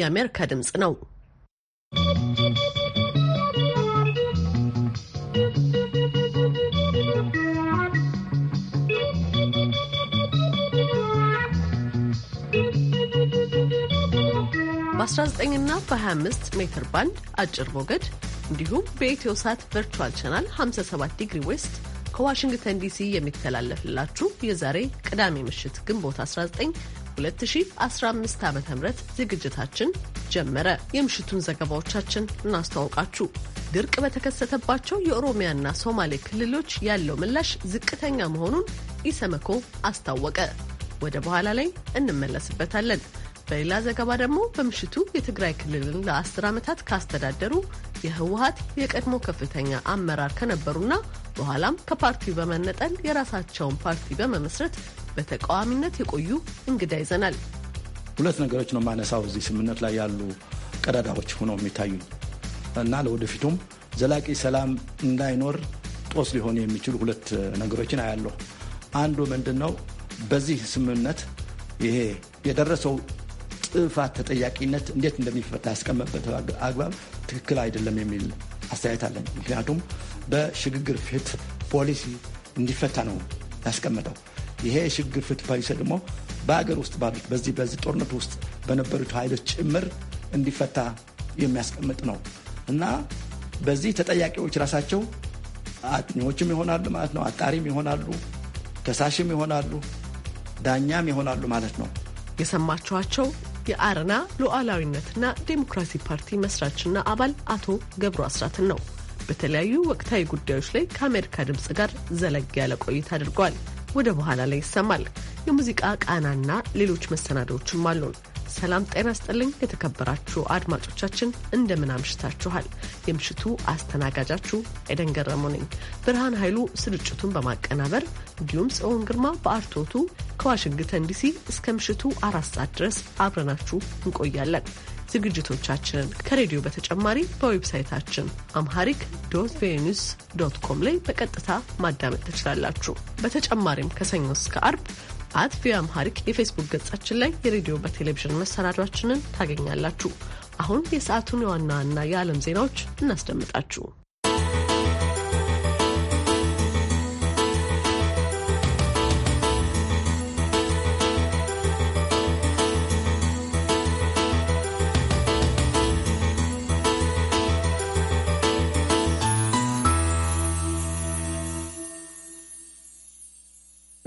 የአሜሪካ ድምፅ ነው። በ19 ና በ25 ሜትር ባንድ አጭር ሞገድ እንዲሁም በኢትዮ ሳት ቨርቹዋል ቻናል 57 ዲግሪ ዌስት ከዋሽንግተን ዲሲ የሚተላለፍላችሁ የዛሬ ቅዳሜ ምሽት ግንቦት 19 2015 ዓ ም ዝግጅታችን ጀመረ። የምሽቱን ዘገባዎቻችን እናስተዋውቃችሁ። ድርቅ በተከሰተባቸው የኦሮሚያና ሶማሌ ክልሎች ያለው ምላሽ ዝቅተኛ መሆኑን ኢሰመኮ አስታወቀ። ወደ በኋላ ላይ እንመለስበታለን። በሌላ ዘገባ ደግሞ በምሽቱ የትግራይ ክልልን ለአስር ዓመታት ካስተዳደሩ የህወሀት የቀድሞ ከፍተኛ አመራር ከነበሩና በኋላም ከፓርቲው በመነጠል የራሳቸውን ፓርቲ በመመስረት በተቃዋሚነት የቆዩ እንግዳ ይዘናል። ሁለት ነገሮች ነው ማነሳው እዚህ ስምምነት ላይ ያሉ ቀዳዳዎች ሆነው የሚታዩ እና ለወደፊቱም ዘላቂ ሰላም እንዳይኖር ጦስ ሊሆኑ የሚችሉ ሁለት ነገሮችን አያለሁ። አንዱ ምንድን ነው? በዚህ ስምምነት ይሄ የደረሰው ጥፋት ተጠያቂነት እንዴት እንደሚፈታ ያስቀመጠበት አግባብ ትክክል አይደለም የሚል አስተያየት አለን። ምክንያቱም በሽግግር ፊት ፖሊሲ እንዲፈታ ነው ያስቀመጠው። ይሄ የሽግግር ፍትህ ፖሊሲ ደግሞ በሀገር ውስጥ ባሉት በዚህ በዚህ ጦርነት ውስጥ በነበሩት ኃይሎች ጭምር እንዲፈታ የሚያስቀምጥ ነው እና በዚህ ተጠያቂዎች ራሳቸው አጥኚዎችም ይሆናሉ ማለት ነው፣ አጣሪም ይሆናሉ፣ ከሳሽም ይሆናሉ፣ ዳኛም ይሆናሉ ማለት ነው። የሰማችኋቸው የአረና ሉዓላዊነትና ዴሞክራሲ ፓርቲ መስራችና አባል አቶ ገብሩ አስራትን ነው። በተለያዩ ወቅታዊ ጉዳዮች ላይ ከአሜሪካ ድምፅ ጋር ዘለግ ያለ ቆይታ አድርገዋል። ወደ በኋላ ላይ ይሰማል። የሙዚቃ ቃናና ሌሎች መሰናዶዎችም አሉን። ሰላም ጤና ስጥልኝ። የተከበራችሁ አድማጮቻችን እንደምን አምሽታችኋል? የምሽቱ አስተናጋጃችሁ ኤደን ገረሙ ነኝ። ብርሃን ኃይሉ ስርጭቱን በማቀናበር እንዲሁም ጽዮን ግርማ በአርቶቱ ከዋሽንግተን ዲሲ እስከ ምሽቱ አራት ሰዓት ድረስ አብረናችሁ እንቆያለን። ዝግጅቶቻችንን ከሬዲዮ በተጨማሪ በዌብሳይታችን አምሃሪክ ዶት ቪኦኤ ዶት ኮም ላይ በቀጥታ ማዳመጥ ትችላላችሁ። በተጨማሪም ከሰኞ እስከ አርብ አት ቪኦኤ አምሃሪክ የፌስቡክ ገጻችን ላይ የሬዲዮ በቴሌቪዥን መሰናዷችንን ታገኛላችሁ። አሁን የሰዓቱን የዋና ዋና የዓለም ዜናዎች እናስደምጣችሁ።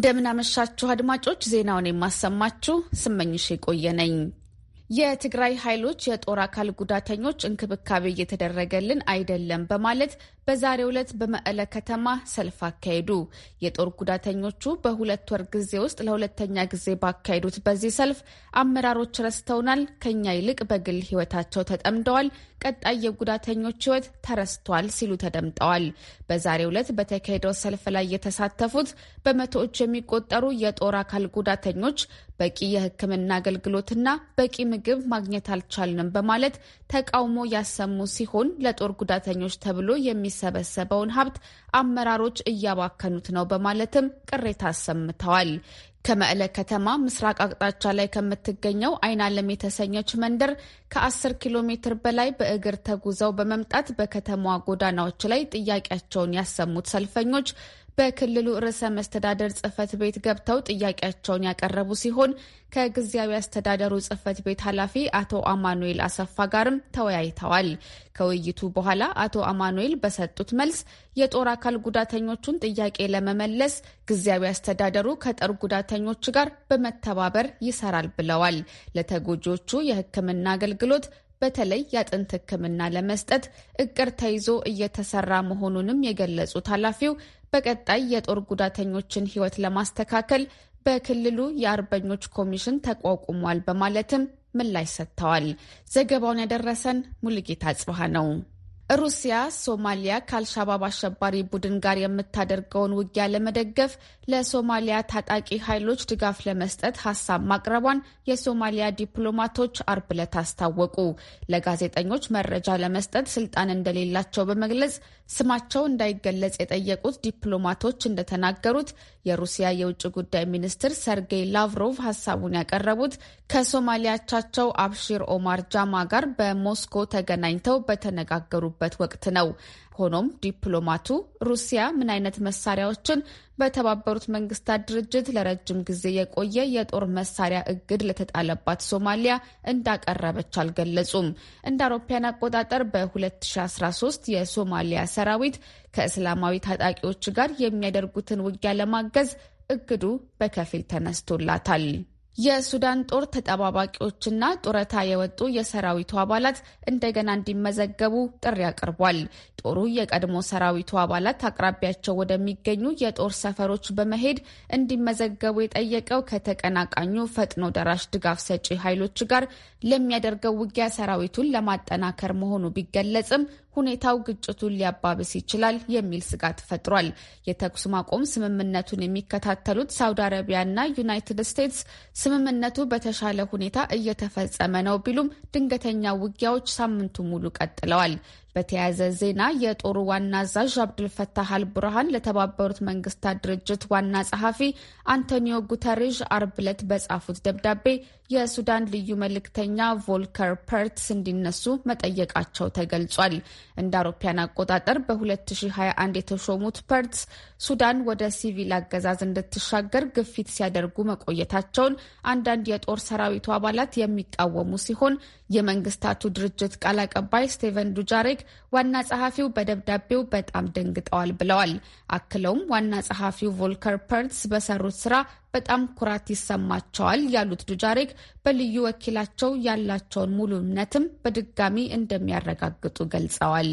እንደምናመሻችሁ አድማጮች፣ ዜናውን የማሰማችሁ ስመኝሽ የቆየ ነኝ። የትግራይ ኃይሎች የጦር አካል ጉዳተኞች እንክብካቤ እየተደረገልን አይደለም በማለት በዛሬ ዕለት በመቀለ ከተማ ሰልፍ አካሄዱ። የጦር ጉዳተኞቹ በሁለት ወር ጊዜ ውስጥ ለሁለተኛ ጊዜ ባካሄዱት በዚህ ሰልፍ አመራሮች ረስተውናል፣ ከኛ ይልቅ በግል ሕይወታቸው ተጠምደዋል፣ ቀጣይ የጉዳተኞች ሕይወት ተረስቷል ሲሉ ተደምጠዋል። በዛሬ ዕለት በተካሄደው ሰልፍ ላይ የተሳተፉት በመቶዎች የሚቆጠሩ የጦር አካል ጉዳተኞች በቂ የሕክምና አገልግሎትና በቂ ምግብ ማግኘት አልቻልንም በማለት ተቃውሞ ያሰሙ ሲሆን ለጦር ጉዳተኞች ተብሎ የሚ የሚሰበሰበውን ሀብት አመራሮች እያባከኑት ነው በማለትም ቅሬታ አሰምተዋል። ከመዕለ ከተማ ምስራቅ አቅጣጫ ላይ ከምትገኘው አይናለም የተሰኘች መንደር ከ10 ኪሎ ሜትር በላይ በእግር ተጉዘው በመምጣት በከተማዋ ጎዳናዎች ላይ ጥያቄያቸውን ያሰሙት ሰልፈኞች በክልሉ ርዕሰ መስተዳደር ጽህፈት ቤት ገብተው ጥያቄያቸውን ያቀረቡ ሲሆን ከጊዜያዊ አስተዳደሩ ጽህፈት ቤት ኃላፊ አቶ አማኑኤል አሰፋ ጋርም ተወያይተዋል። ከውይይቱ በኋላ አቶ አማኑኤል በሰጡት መልስ የጦር አካል ጉዳተኞቹን ጥያቄ ለመመለስ ጊዜያዊ አስተዳደሩ ከጦር ጉዳተኞች ጋር በመተባበር ይሰራል ብለዋል። ለተጎጂዎቹ የህክምና አገልግሎት በተለይ የአጥንት ህክምና ለመስጠት እቅድ ተይዞ እየተሰራ መሆኑንም የገለጹት ኃላፊው በቀጣይ የጦር ጉዳተኞችን ህይወት ለማስተካከል በክልሉ የአርበኞች ኮሚሽን ተቋቁሟል በማለትም ምላሽ ሰጥተዋል። ዘገባውን ያደረሰን ሙልጌታ ጽብሃ ነው። ሩሲያ ሶማሊያ ከአልሻባብ አሸባሪ ቡድን ጋር የምታደርገውን ውጊያ ለመደገፍ ለሶማሊያ ታጣቂ ኃይሎች ድጋፍ ለመስጠት ሀሳብ ማቅረቧን የሶማሊያ ዲፕሎማቶች አርብ ዕለት አስታወቁ። ለጋዜጠኞች መረጃ ለመስጠት ስልጣን እንደሌላቸው በመግለጽ ስማቸው እንዳይገለጽ የጠየቁት ዲፕሎማቶች እንደተናገሩት የሩሲያ የውጭ ጉዳይ ሚኒስትር ሰርጌይ ላቭሮቭ ሀሳቡን ያቀረቡት ከሶማሊያቻቸው አብሺር ኦማር ጃማ ጋር በሞስኮ ተገናኝተው በተነጋገሩ በሚገኙበት ወቅት ነው። ሆኖም ዲፕሎማቱ ሩሲያ ምን አይነት መሳሪያዎችን በተባበሩት መንግስታት ድርጅት ለረጅም ጊዜ የቆየ የጦር መሳሪያ እግድ ለተጣለባት ሶማሊያ እንዳቀረበች አልገለጹም። እንደ አውሮፓውያን አቆጣጠር በ2013 የሶማሊያ ሰራዊት ከእስላማዊ ታጣቂዎች ጋር የሚያደርጉትን ውጊያ ለማገዝ እግዱ በከፊል ተነስቶላታል። የሱዳን ጦር ተጠባባቂዎችና ጡረታ የወጡ የሰራዊቱ አባላት እንደገና እንዲመዘገቡ ጥሪ አቅርቧል። ጦሩ የቀድሞ ሰራዊቱ አባላት አቅራቢያቸው ወደሚገኙ የጦር ሰፈሮች በመሄድ እንዲመዘገቡ የጠየቀው ከተቀናቃኙ ፈጥኖ ደራሽ ድጋፍ ሰጪ ኃይሎች ጋር ለሚያደርገው ውጊያ ሰራዊቱን ለማጠናከር መሆኑ ቢገለጽም ሁኔታው ግጭቱን ሊያባብስ ይችላል የሚል ስጋት ፈጥሯል። የተኩስ ማቆም ስምምነቱን የሚከታተሉት ሳውዲ አረቢያና ዩናይትድ ስቴትስ ስምምነቱ በተሻለ ሁኔታ እየተፈጸመ ነው ቢሉም ድንገተኛ ውጊያዎች ሳምንቱ ሙሉ ቀጥለዋል። በተያያዘ ዜና የጦሩ ዋና አዛዥ አብዱልፈታህ አልቡርሃን ለተባበሩት መንግስታት ድርጅት ዋና ጸሐፊ አንቶኒዮ ጉተሬዥ አርብ ዕለት በጻፉት ደብዳቤ የሱዳን ልዩ መልእክተኛ ቮልከር ፐርትስ እንዲነሱ መጠየቃቸው ተገልጿል። እንደ አውሮፓያን አቆጣጠር በ2021 የተሾሙት ፐርትስ ሱዳን ወደ ሲቪል አገዛዝ እንድትሻገር ግፊት ሲያደርጉ መቆየታቸውን አንዳንድ የጦር ሰራዊቱ አባላት የሚቃወሙ ሲሆን የመንግስታቱ ድርጅት ቃል አቀባይ ስቴቨን ዱጃሬክ ዋና ጸሐፊው በደብዳቤው በጣም ደንግጠዋል ብለዋል። አክለውም ዋና ጸሐፊው ቮልከር ፐርትስ በሰሩት ስራ በጣም ኩራት ይሰማቸዋል ያሉት ዱጃሬክ በልዩ ወኪላቸው ያላቸውን ሙሉ እምነትም በድጋሚ እንደሚያረጋግጡ ገልጸዋል።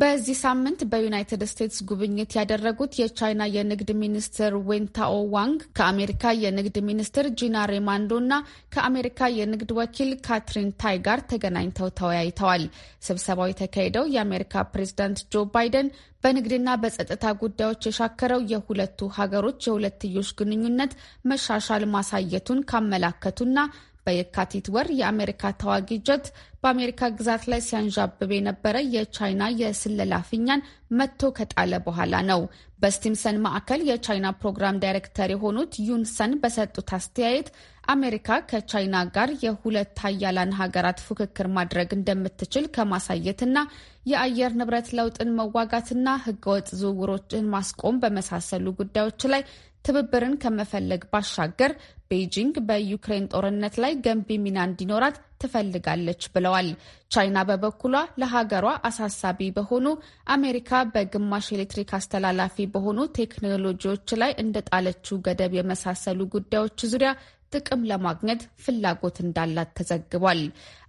በዚህ ሳምንት በዩናይትድ ስቴትስ ጉብኝት ያደረጉት የቻይና የንግድ ሚኒስትር ዌንታኦ ዋንግ ከአሜሪካ የንግድ ሚኒስትር ጂና ሬማንዶ እና ከአሜሪካ የንግድ ወኪል ካትሪን ታይ ጋር ተገናኝተው ተወያይተዋል። ስብሰባው የተካሄደው የአሜሪካ ፕሬዝዳንት ጆ ባይደን በንግድና በጸጥታ ጉዳዮች የሻከረው የሁለቱ ሀገሮች የሁለትዮሽ ግንኙነት መሻሻል ማሳየቱን ካመላከቱና በየካቲት ወር የአሜሪካ ተዋጊ ጀት በአሜሪካ ግዛት ላይ ሲያንዣብብ የነበረ የቻይና የስለላ ፊኛን መጥቶ ከጣለ በኋላ ነው። በስቲምሰን ማዕከል የቻይና ፕሮግራም ዳይሬክተር የሆኑት ዩንሰን በሰጡት አስተያየት አሜሪካ ከቻይና ጋር የሁለት ሀያላን ሀገራት ፉክክር ማድረግ እንደምትችል ከማሳየትና የአየር ንብረት ለውጥን መዋጋትና ሕገወጥ ዝውውሮችን ማስቆም በመሳሰሉ ጉዳዮች ላይ ትብብርን ከመፈለግ ባሻገር ቤጂንግ በዩክሬን ጦርነት ላይ ገንቢ ሚና እንዲኖራት ትፈልጋለች ብለዋል። ቻይና በበኩሏ ለሀገሯ አሳሳቢ በሆኑ አሜሪካ በግማሽ ኤሌክትሪክ አስተላላፊ በሆኑ ቴክኖሎጂዎች ላይ እንደጣለችው ገደብ የመሳሰሉ ጉዳዮች ዙሪያ ጥቅም ለማግኘት ፍላጎት እንዳላት ተዘግቧል።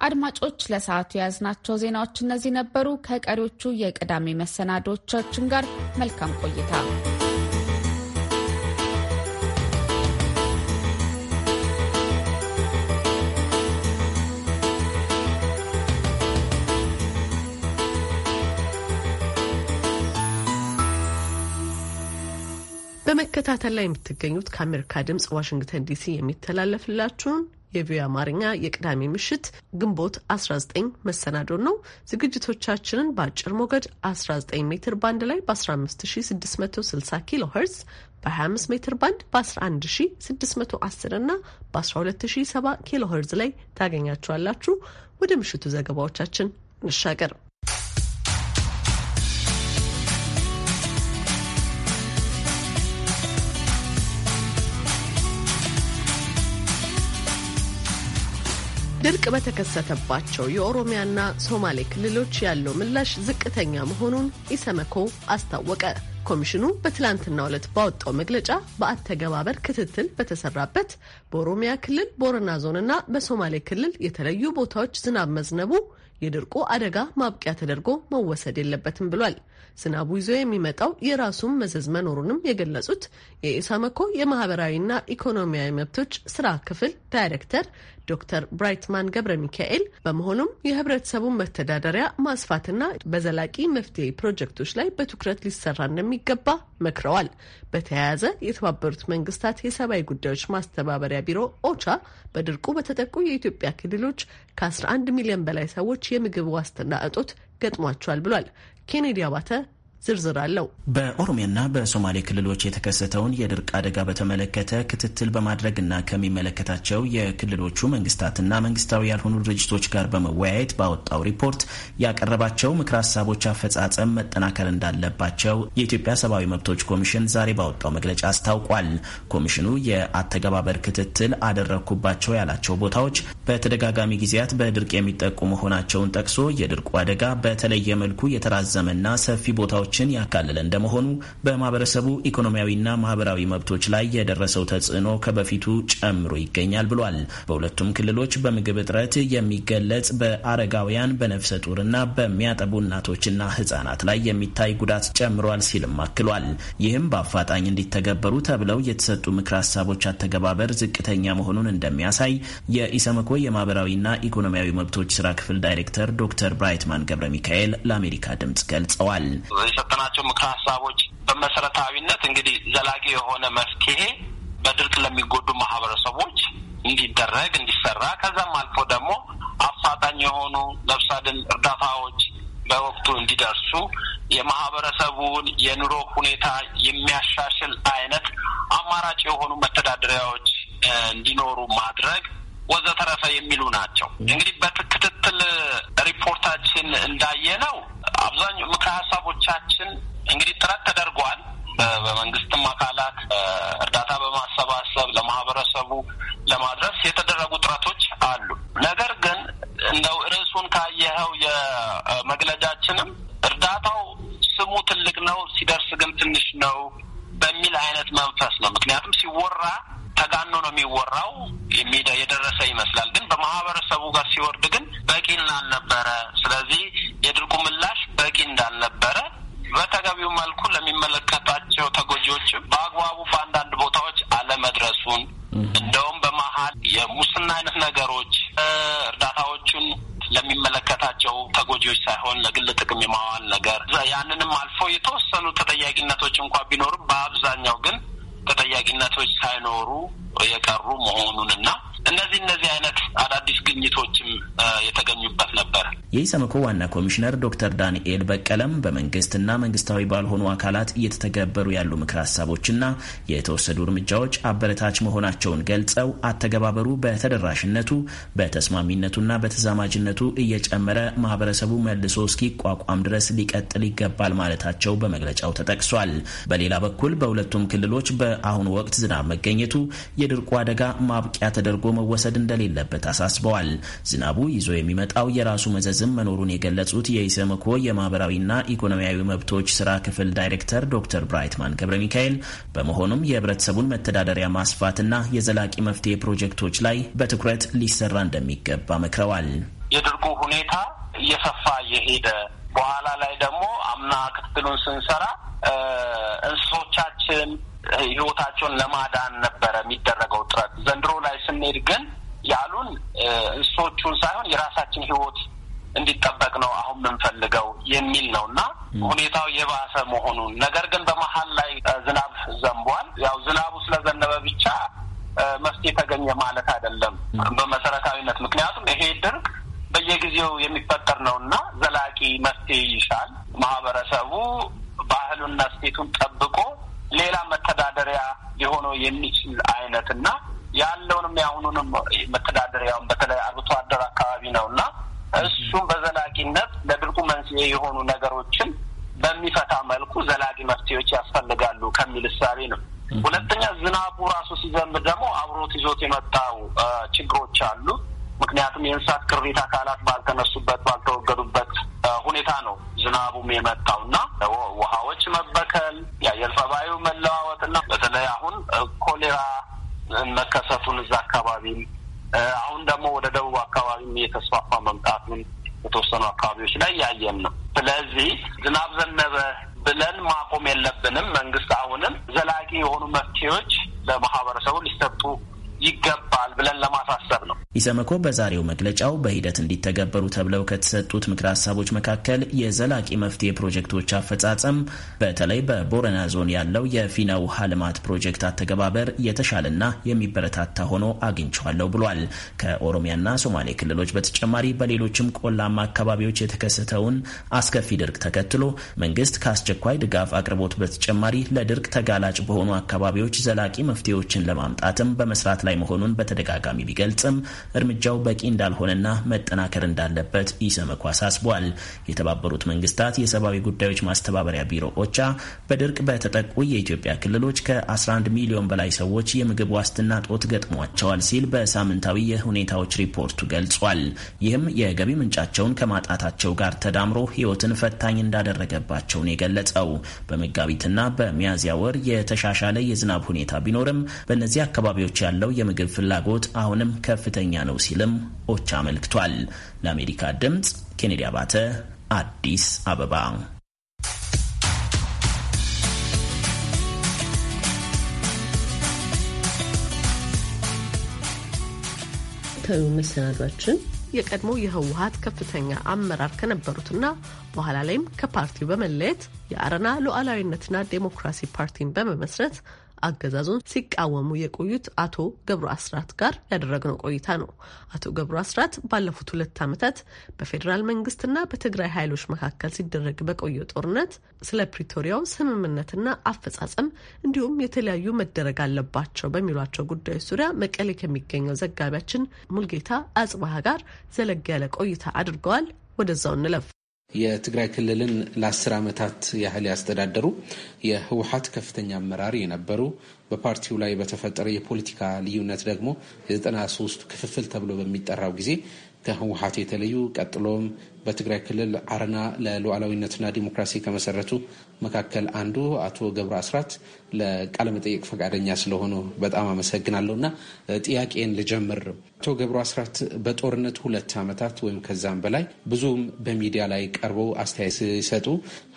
አድማጮች ለሰዓቱ የያዝናቸው ዜናዎች እነዚህ ነበሩ። ከቀሪዎቹ የቅዳሜ መሰናዶቻችን ጋር መልካም ቆይታ በመከታተል ላይ የምትገኙት ከአሜሪካ ድምፅ ዋሽንግተን ዲሲ የሚተላለፍላችሁን የቪኦኤ አማርኛ የቅዳሜ ምሽት ግንቦት 19 መሰናዶን ነው። ዝግጅቶቻችንን በአጭር ሞገድ 19 ሜትር ባንድ ላይ በ15660 ኪሎ ሄርዝ በ25 ሜትር ባንድ በ11610 እና በ12070 ኪሎ ሄርዝ ላይ ታገኛችኋላችሁ። ወደ ምሽቱ ዘገባዎቻችን እንሻገር። ድርቅ በተከሰተባቸው የኦሮሚያና ሶማሌ ክልሎች ያለው ምላሽ ዝቅተኛ መሆኑን ኢሰመኮ አስታወቀ። ኮሚሽኑ በትላንትና ዕለት ባወጣው መግለጫ በአተገባበር ክትትል በተሰራበት በኦሮሚያ ክልል ቦረና ዞንና በሶማሌ ክልል የተለዩ ቦታዎች ዝናብ መዝነቡ የድርቁ አደጋ ማብቂያ ተደርጎ መወሰድ የለበትም ብሏል። ዝናቡ ይዞ የሚመጣው የራሱን መዘዝ መኖሩንም የገለጹት የኢሳመኮ የማህበራዊና ኢኮኖሚያዊ መብቶች ስራ ክፍል ዳይሬክተር ዶክተር ብራይትማን ገብረ ሚካኤል በመሆኑም የህብረተሰቡን መተዳደሪያ ማስፋትና በዘላቂ መፍትሄ ፕሮጀክቶች ላይ በትኩረት ሊሰራ እንደሚገባ መክረዋል። በተያያዘ የተባበሩት መንግስታት የሰብአዊ ጉዳዮች ማስተባበሪያ ቢሮ ኦቻ በድርቁ በተጠቁ የኢትዮጵያ ክልሎች ከ11 ሚሊዮን በላይ ሰዎች የምግብ ዋስትና እጦት ገጥሟቸዋል ብሏል። ኬኔዲ አባተ ዝርዝር አለው። በኦሮሚያና በሶማሌ ክልሎች የተከሰተውን የድርቅ አደጋ በተመለከተ ክትትል በማድረግና ከሚመለከታቸው የክልሎቹ መንግስታትና መንግስታዊ ያልሆኑ ድርጅቶች ጋር በመወያየት ባወጣው ሪፖርት ያቀረባቸው ምክረ ሀሳቦች አፈጻጸም መጠናከር እንዳለባቸው የኢትዮጵያ ሰብአዊ መብቶች ኮሚሽን ዛሬ ባወጣው መግለጫ አስታውቋል። ኮሚሽኑ የአተገባበር ክትትል አደረግኩባቸው ያላቸው ቦታዎች በተደጋጋሚ ጊዜያት በድርቅ የሚጠቁ መሆናቸውን ጠቅሶ የድርቁ አደጋ በተለየ መልኩ የተራዘመና ሰፊ ቦታዎች ዜጎችን ያካለለ እንደመሆኑ በማህበረሰቡ ኢኮኖሚያዊና ማህበራዊ መብቶች ላይ የደረሰው ተጽዕኖ ከበፊቱ ጨምሮ ይገኛል ብሏል። በሁለቱም ክልሎች በምግብ እጥረት የሚገለጽ በአረጋውያን በነፍሰ ጡርና በሚያጠቡ እናቶችና ህጻናት ላይ የሚታይ ጉዳት ጨምሯል ሲልም አክሏል። ይህም በአፋጣኝ እንዲተገበሩ ተብለው የተሰጡ ምክረ ሀሳቦች አተገባበር ዝቅተኛ መሆኑን እንደሚያሳይ የኢሰመኮ የማህበራዊና ኢኮኖሚያዊ መብቶች ስራ ክፍል ዳይሬክተር ዶክተር ብራይትማን ገብረ ሚካኤል ለአሜሪካ ድምጽ ገልጸዋል። የሰጠናቸው ምክረ ሀሳቦች በመሰረታዊነት እንግዲህ ዘላቂ የሆነ መፍትሄ በድርቅ ለሚጎዱ ማህበረሰቦች እንዲደረግ እንዲሰራ ከዛም አልፎ ደግሞ አፋጣኝ የሆኑ ነፍስ አድን እርዳታዎች በወቅቱ እንዲደርሱ የማህበረሰቡን የኑሮ ሁኔታ የሚያሻሽል አይነት አማራጭ የሆኑ መተዳደሪያዎች እንዲኖሩ ማድረግ ወዘተረፈ የሚሉ ናቸው። እንግዲህ በክትትል ሪፖርታችን እንዳየነው አብዛኛው ምክረ ሀሳቦቻችን እንግዲህ ጥረት ተደርጓል። በመንግስትም አካላት እርዳታ በማሰባሰብ ለማህበረሰቡ ለማድረስ የተደረጉ ጥረቶች አሉ። ነገር ግን እንደው ርዕሱን ካየኸው የመግለጫችንም እርዳታው ስሙ ትልቅ ነው፣ ሲደርስ ግን ትንሽ ነው በሚል አይነት መንፈስ ነው። ምክንያቱም ሲወራ ተጋኖ ነው የሚወራው፣ የደረሰ ይመስላል። ግን በማህበረሰቡ ጋር ሲወርድ ግን በቂ አልነበረ። ስለዚህ የድርቁ ምላሽ በቂ እንዳልነበረ በተገቢው መልኩ ለሚመለከታቸው ተጎጂዎችም በአግባቡ በአንዳንድ ቦታዎች አለመድረሱን እንደውም በመሀል የሙስና አይነት ነገሮች እርዳታዎቹን ለሚመለከታቸው ተጎጂዎች ሳይሆን ለግል ጥቅም የማዋል ነገር ያንንም አልፎ የተወሰኑ ተጠያቂነቶች እንኳ ቢኖሩም በአብዛኛው ግን ተጠያቂነቶች ሳይኖሩ የቀሩ መሆኑን እና እነዚህ እነዚህ አይነት አዳዲስ ግኝቶችም የተገኙበት ነበር። የኢሰመኮ ዋና ኮሚሽነር ዶክተር ዳንኤል በቀለም በመንግስትና መንግስታዊ ባልሆኑ አካላት እየተተገበሩ ያሉ ምክር ሀሳቦችና የተወሰዱ እርምጃዎች አበረታች መሆናቸውን ገልጸው አተገባበሩ በተደራሽነቱ በተስማሚነቱና በተዛማጅነቱ እየጨመረ ማህበረሰቡ መልሶ እስኪቋቋም ድረስ ሊቀጥል ይገባል ማለታቸው በመግለጫው ተጠቅሷል። በሌላ በኩል በሁለቱም ክልሎች በአሁኑ ወቅት ዝናብ መገኘቱ የድርቁ አደጋ ማብቂያ ተደርጎ መወሰድ እንደሌለበት አሳስበዋል። ዝናቡ ይዞ የሚመጣው የራሱ መዘዝም መኖሩን የገለጹት የኢሰመኮ የማህበራዊና ኢኮኖሚያዊ መብቶች ስራ ክፍል ዳይሬክተር ዶክተር ብራይትማን ገብረ ሚካኤል በመሆኑም የህብረተሰቡን መተዳደሪያ ማስፋትና የዘላቂ መፍትሄ ፕሮጀክቶች ላይ በትኩረት ሊሰራ እንደሚገባ መክረዋል። የድርቁ ሁኔታ እየሰፋ የሄደ በኋላ ላይ ደግሞ አምና ክትትሉን ስንሰራ እንስሶቻችን ህይወታቸውን ለማዳን ነበረ የሚደረገው ጥረት። ዘንድሮ ላይ ስንሄድ ግን ያሉን እንስሶቹን ሳይሆን የራሳችን ህይወት እንዲጠበቅ ነው አሁን የምንፈልገው የሚል ነው እና ሁኔታው የባሰ መሆኑን ነገር ግን በመሀል ላይ ዝናብ ዘንቧል። ያው ዝናቡ ስለዘነበ ብቻ መፍትሄ ተገኘ ማለት አይደለም በመሰረታዊነት ምክንያቱም ይሄ ድርቅ በየጊዜው የሚፈጠር ነው እና ዘላቂ መፍትሄ ይሻል። ማህበረሰቡ ባህሉና እሴቱን ጠብቆ ሌላ መተዳደሪያ ሊሆነው የሚችል አይነት እና ያለውንም የአሁኑንም መተዳደሪያውን በተለይ አርብቶ አደር አካባቢ ነው እና እሱም በዘላቂነት ለድርቁ መንስኤ የሆኑ ነገሮችን በሚፈታ መልኩ ዘላቂ መፍትሄዎች ያስፈልጋሉ ከሚል እሳቤ ነው። ሁለተኛ ዝናቡ ራሱ ሲዘንብ ደግሞ አብሮት ይዞት የመጣው ችግሮች አሉ። ምክንያቱም የእንስሳት ቅሪት አካላት ባልተነሱበት ባልተወገዱበት ሁኔታ ነው ዝናቡም የመጣው እና ውሃዎች መበከል፣ የአየር ጸባዩ መለዋወጥና በተለይ አሁን ኮሌራ መከሰቱን እዛ አካባቢም አሁን ደግሞ ወደ ደቡብ አካባቢም እየተስፋፋ መምጣቱን የተወሰኑ አካባቢዎች ላይ ያየን ነው። ስለዚህ ዝናብ ዘነበ ብለን ማቆም የለብንም። መንግስት አሁንም ዘላቂ የሆኑ መፍትሄዎች ለማህበረሰቡ ሊሰጡ ይገባል ብለን ለማሳሰብ ነው። ኢሰመኮ በዛሬው መግለጫው በሂደት እንዲተገበሩ ተብለው ከተሰጡት ምክረ ሀሳቦች መካከል የዘላቂ መፍትሄ ፕሮጀክቶች አፈጻጸም በተለይ በቦረና ዞን ያለው የፊና ውሃ ልማት ፕሮጀክት አተገባበር የተሻለና የሚበረታታ ሆኖ አግኝቸዋለሁ ብሏል። ከኦሮሚያና ሶማሌ ክልሎች በተጨማሪ በሌሎችም ቆላማ አካባቢዎች የተከሰተውን አስከፊ ድርቅ ተከትሎ መንግስት ከአስቸኳይ ድጋፍ አቅርቦት በተጨማሪ ለድርቅ ተጋላጭ በሆኑ አካባቢዎች ዘላቂ መፍትሄዎችን ለማምጣትም በመስራት ላይ ጉዳይ መሆኑን በተደጋጋሚ ቢገልጽም እርምጃው በቂ እንዳልሆነና መጠናከር እንዳለበት ኢሰመኮ አሳስቧል። የተባበሩት መንግስታት የሰብአዊ ጉዳዮች ማስተባበሪያ ቢሮ ኦቻ በድርቅ በተጠቁ የኢትዮጵያ ክልሎች ከ11 ሚሊዮን በላይ ሰዎች የምግብ ዋስትና ጦት ገጥሟቸዋል ሲል በሳምንታዊ የሁኔታዎች ሪፖርቱ ገልጿል። ይህም የገቢ ምንጫቸውን ከማጣታቸው ጋር ተዳምሮ ሕይወትን ፈታኝ እንዳደረገባቸው የገለጸው። በመጋቢትና በሚያዝያ ወር የተሻሻለ የዝናብ ሁኔታ ቢኖርም በእነዚህ አካባቢዎች ያለው የምግብ ፍላጎት አሁንም ከፍተኛ ነው ሲልም ኦቻ አመልክቷል። ለአሜሪካ ድምፅ ኬኔዲ አባተ አዲስ አበባ። ተዩ መሰናዷችን የቀድሞ የህወሀት ከፍተኛ አመራር ከነበሩትና በኋላ ላይም ከፓርቲው በመለየት የአረና ሉዓላዊነትና ዴሞክራሲ ፓርቲን በመመስረት አገዛዙን ሲቃወሙ የቆዩት አቶ ገብሩ አስራት ጋር ያደረግነው ቆይታ ነው። አቶ ገብሩ አስራት ባለፉት ሁለት ዓመታት በፌዴራል መንግስትና በትግራይ ኃይሎች መካከል ሲደረግ በቆየው ጦርነት ስለ ፕሪቶሪያው ስምምነትና አፈጻጸም እንዲሁም የተለያዩ መደረግ አለባቸው በሚሏቸው ጉዳዮች ዙሪያ መቀሌ ከሚገኘው ዘጋቢያችን ሙልጌታ አጽባሃ ጋር ዘለግ ያለ ቆይታ አድርገዋል። ወደዛው እንለፍ። የትግራይ ክልልን ለአስር ዓመታት ያህል ያስተዳደሩ የህወሀት ከፍተኛ አመራር የነበሩ በፓርቲው ላይ በተፈጠረ የፖለቲካ ልዩነት ደግሞ የ93 ክፍፍል ተብሎ በሚጠራው ጊዜ ከህወሀት የተለዩ ቀጥሎም በትግራይ ክልል አረና ለሉዓላዊነትና ዲሞክራሲ ከመሰረቱ መካከል አንዱ አቶ ገብረ አስራት ለቃለ መጠየቅ ፈቃደኛ ስለሆኑ በጣም አመሰግናለሁ። እና ጥያቄን ልጀምር። አቶ ገብረ አስራት በጦርነት ሁለት ዓመታት ወይም ከዛም በላይ ብዙም በሚዲያ ላይ ቀርበው አስተያየት ሲሰጡ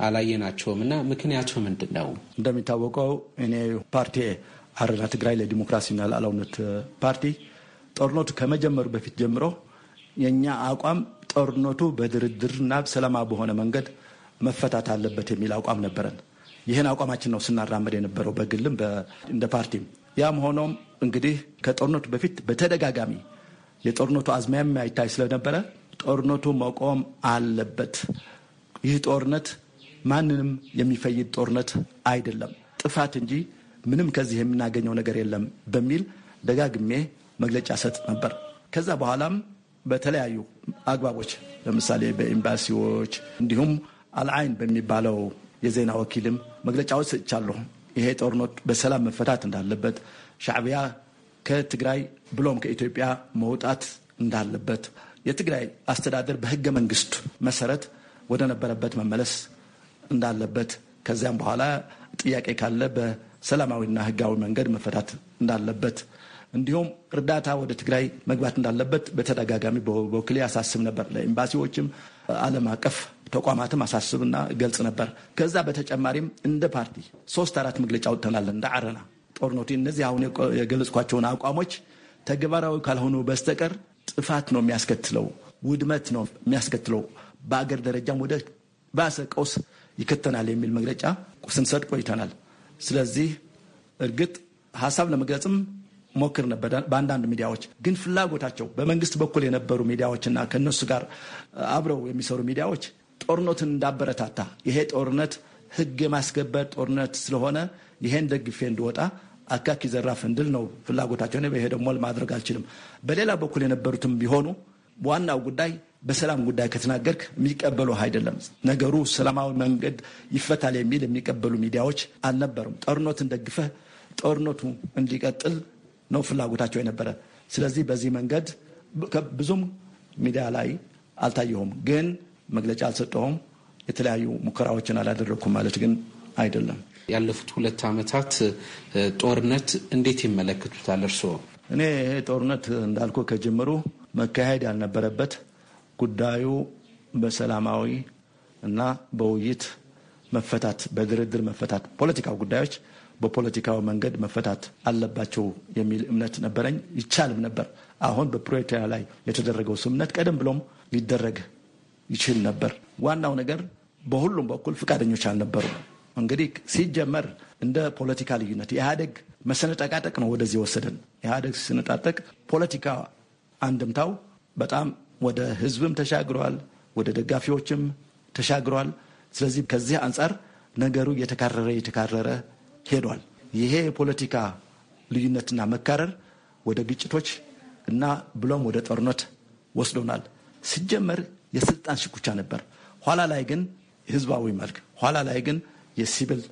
አላየናቸውም እና ምክንያቱ ምንድን ነው? እንደሚታወቀው እኔ ፓርቲ አረና ትግራይ ለዲሞክራሲና ለሉዓላዊነት ፓርቲ ጦርነቱ ከመጀመሩ በፊት ጀምሮ የእኛ አቋም ጦርነቱ በድርድርና ሰላማዊ በሆነ መንገድ መፈታት አለበት የሚል አቋም ነበረን። ይህን አቋማችን ነው ስናራመድ የነበረው በግልም እንደ ፓርቲም። ያም ሆኖም እንግዲህ ከጦርነቱ በፊት በተደጋጋሚ የጦርነቱ አዝማሚያ የማይታይ ስለነበረ ጦርነቱ መቆም አለበት። ይህ ጦርነት ማንንም የሚፈይድ ጦርነት አይደለም፣ ጥፋት እንጂ ምንም ከዚህ የምናገኘው ነገር የለም በሚል ደጋግሜ መግለጫ ሰጥ ነበር። ከዛ በኋላም በተለያዩ አግባቦች ለምሳሌ በኤምባሲዎች እንዲሁም አልአይን በሚባለው የዜና ወኪልም መግለጫዎች ሰጥቻለሁ። ይሄ ጦርነት በሰላም መፈታት እንዳለበት ሻዕቢያ ከትግራይ ብሎም ከኢትዮጵያ መውጣት እንዳለበት የትግራይ አስተዳደር በህገ መንግስት መሰረት ወደ ነበረበት መመለስ እንዳለበት ከዚያም በኋላ ጥያቄ ካለ በሰላማዊና ህጋዊ መንገድ መፈታት እንዳለበት እንዲሁም እርዳታ ወደ ትግራይ መግባት እንዳለበት በተደጋጋሚ በወክሌ አሳስብ ነበር። ለኤምባሲዎችም ዓለም አቀፍ ተቋማትም አሳስብና ገልጽ ነበር። ከዛ በተጨማሪም እንደ ፓርቲ ሶስት አራት መግለጫ አውጥተናል። እንደ አረና ጦርነቱ እነዚህ አሁን የገለጽኳቸውን አቋሞች ተግባራዊ ካልሆኑ በስተቀር ጥፋት ነው የሚያስከትለው፣ ውድመት ነው የሚያስከትለው፣ በአገር ደረጃም ወደ ባሰ ቀውስ ይከተናል የሚል መግለጫ ስንሰጥ ቆይተናል። ስለዚህ እርግጥ ሀሳብ ለመግለጽም ሞክር ነበር በአንዳንድ ሚዲያዎች ግን ፍላጎታቸው በመንግስት በኩል የነበሩ ሚዲያዎችና ከእነሱ ጋር አብረው የሚሰሩ ሚዲያዎች ጦርነቱን እንዳበረታታ ይሄ ጦርነት ህግ የማስከበር ጦርነት ስለሆነ ይሄን ደግፌ እንድወጣ አካኪ ዘራፍ እንድል ነው ፍላጎታቸው። ይሄ ደግሞ ማድረግ አልችልም። በሌላ በኩል የነበሩትም ቢሆኑ ዋናው ጉዳይ በሰላም ጉዳይ ከተናገርክ የሚቀበሉ አይደለም። ነገሩ ሰላማዊ መንገድ ይፈታል የሚል የሚቀበሉ ሚዲያዎች አልነበሩም። ጦርነትን ደግፈህ ጦርነቱ እንዲቀጥል ነው ፍላጎታቸው የነበረ። ስለዚህ በዚህ መንገድ ብዙም ሚዲያ ላይ አልታየሁም፣ ግን መግለጫ አልሰጠሁም። የተለያዩ ሙከራዎችን አላደረግኩም ማለት ግን አይደለም። ያለፉት ሁለት ዓመታት ጦርነት እንዴት ይመለከቱታል እርስዎ? እኔ ይሄ ጦርነት እንዳልኩ ከጀምሩ መካሄድ ያልነበረበት ጉዳዩ በሰላማዊ እና በውይይት መፈታት፣ በድርድር መፈታት ፖለቲካዊ ጉዳዮች በፖለቲካዊ መንገድ መፈታት አለባቸው የሚል እምነት ነበረኝ። ይቻልም ነበር። አሁን በፕሪቶሪያ ላይ የተደረገው ስምምነት ቀደም ብሎም ሊደረግ ይችል ነበር። ዋናው ነገር በሁሉም በኩል ፈቃደኞች አልነበሩም። እንግዲህ ሲጀመር እንደ ፖለቲካ ልዩነት የኢህአደግ መሰነጠቃጠቅ ነው ወደዚህ ወሰደን። ኢህአደግ ሲሰነጣጠቅ ፖለቲካ አንድምታው በጣም ወደ ህዝብም ተሻግሯል፣ ወደ ደጋፊዎችም ተሻግሯል። ስለዚህ ከዚህ አንጻር ነገሩ እየተካረረ የተካረረ ሄዷል። ይሄ የፖለቲካ ልዩነትና መካረር ወደ ግጭቶች እና ብሎም ወደ ጦርነት ወስዶናል። ሲጀመር የስልጣን ሽኩቻ ነበር። ኋላ ላይ ግን ህዝባዊ መልክ፣ ኋላ ላይ ግን የሲቪል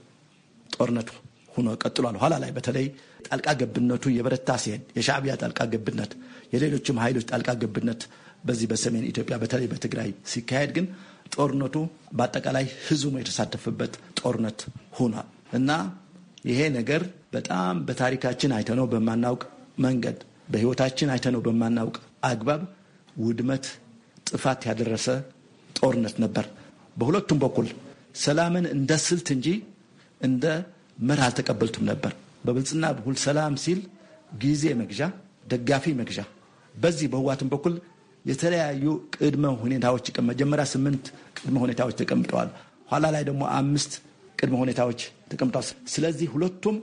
ጦርነት ሆኖ ቀጥሏል። ኋላ ላይ በተለይ ጣልቃ ገብነቱ የበረታ ሲሄድ የሻዕቢያ ጣልቃ ገብነት፣ የሌሎችም ኃይሎች ጣልቃ ገብነት በዚህ በሰሜን ኢትዮጵያ በተለይ በትግራይ ሲካሄድ ግን ጦርነቱ በአጠቃላይ ህዝቡ የተሳተፈበት ጦርነት ሆኗል እና ይሄ ነገር በጣም በታሪካችን አይተነው በማናውቅ መንገድ በህይወታችን አይተነው በማናውቅ አግባብ ውድመት፣ ጥፋት ያደረሰ ጦርነት ነበር። በሁለቱም በኩል ሰላምን እንደ ስልት እንጂ እንደ መርህ አልተቀበልቱም ነበር። በብልጽና በኩል ሰላም ሲል ጊዜ መግዣ፣ ደጋፊ መግዣ፣ በዚህ በህዋትም በኩል የተለያዩ ቅድመ ሁኔታዎች መጀመሪያ ስምንት ቅድመ ሁኔታዎች ተቀምጠዋል። ኋላ ላይ ደግሞ አምስት ቅድመ ሁኔታዎች ተቀምጧል። ስለዚህ ሁለቱም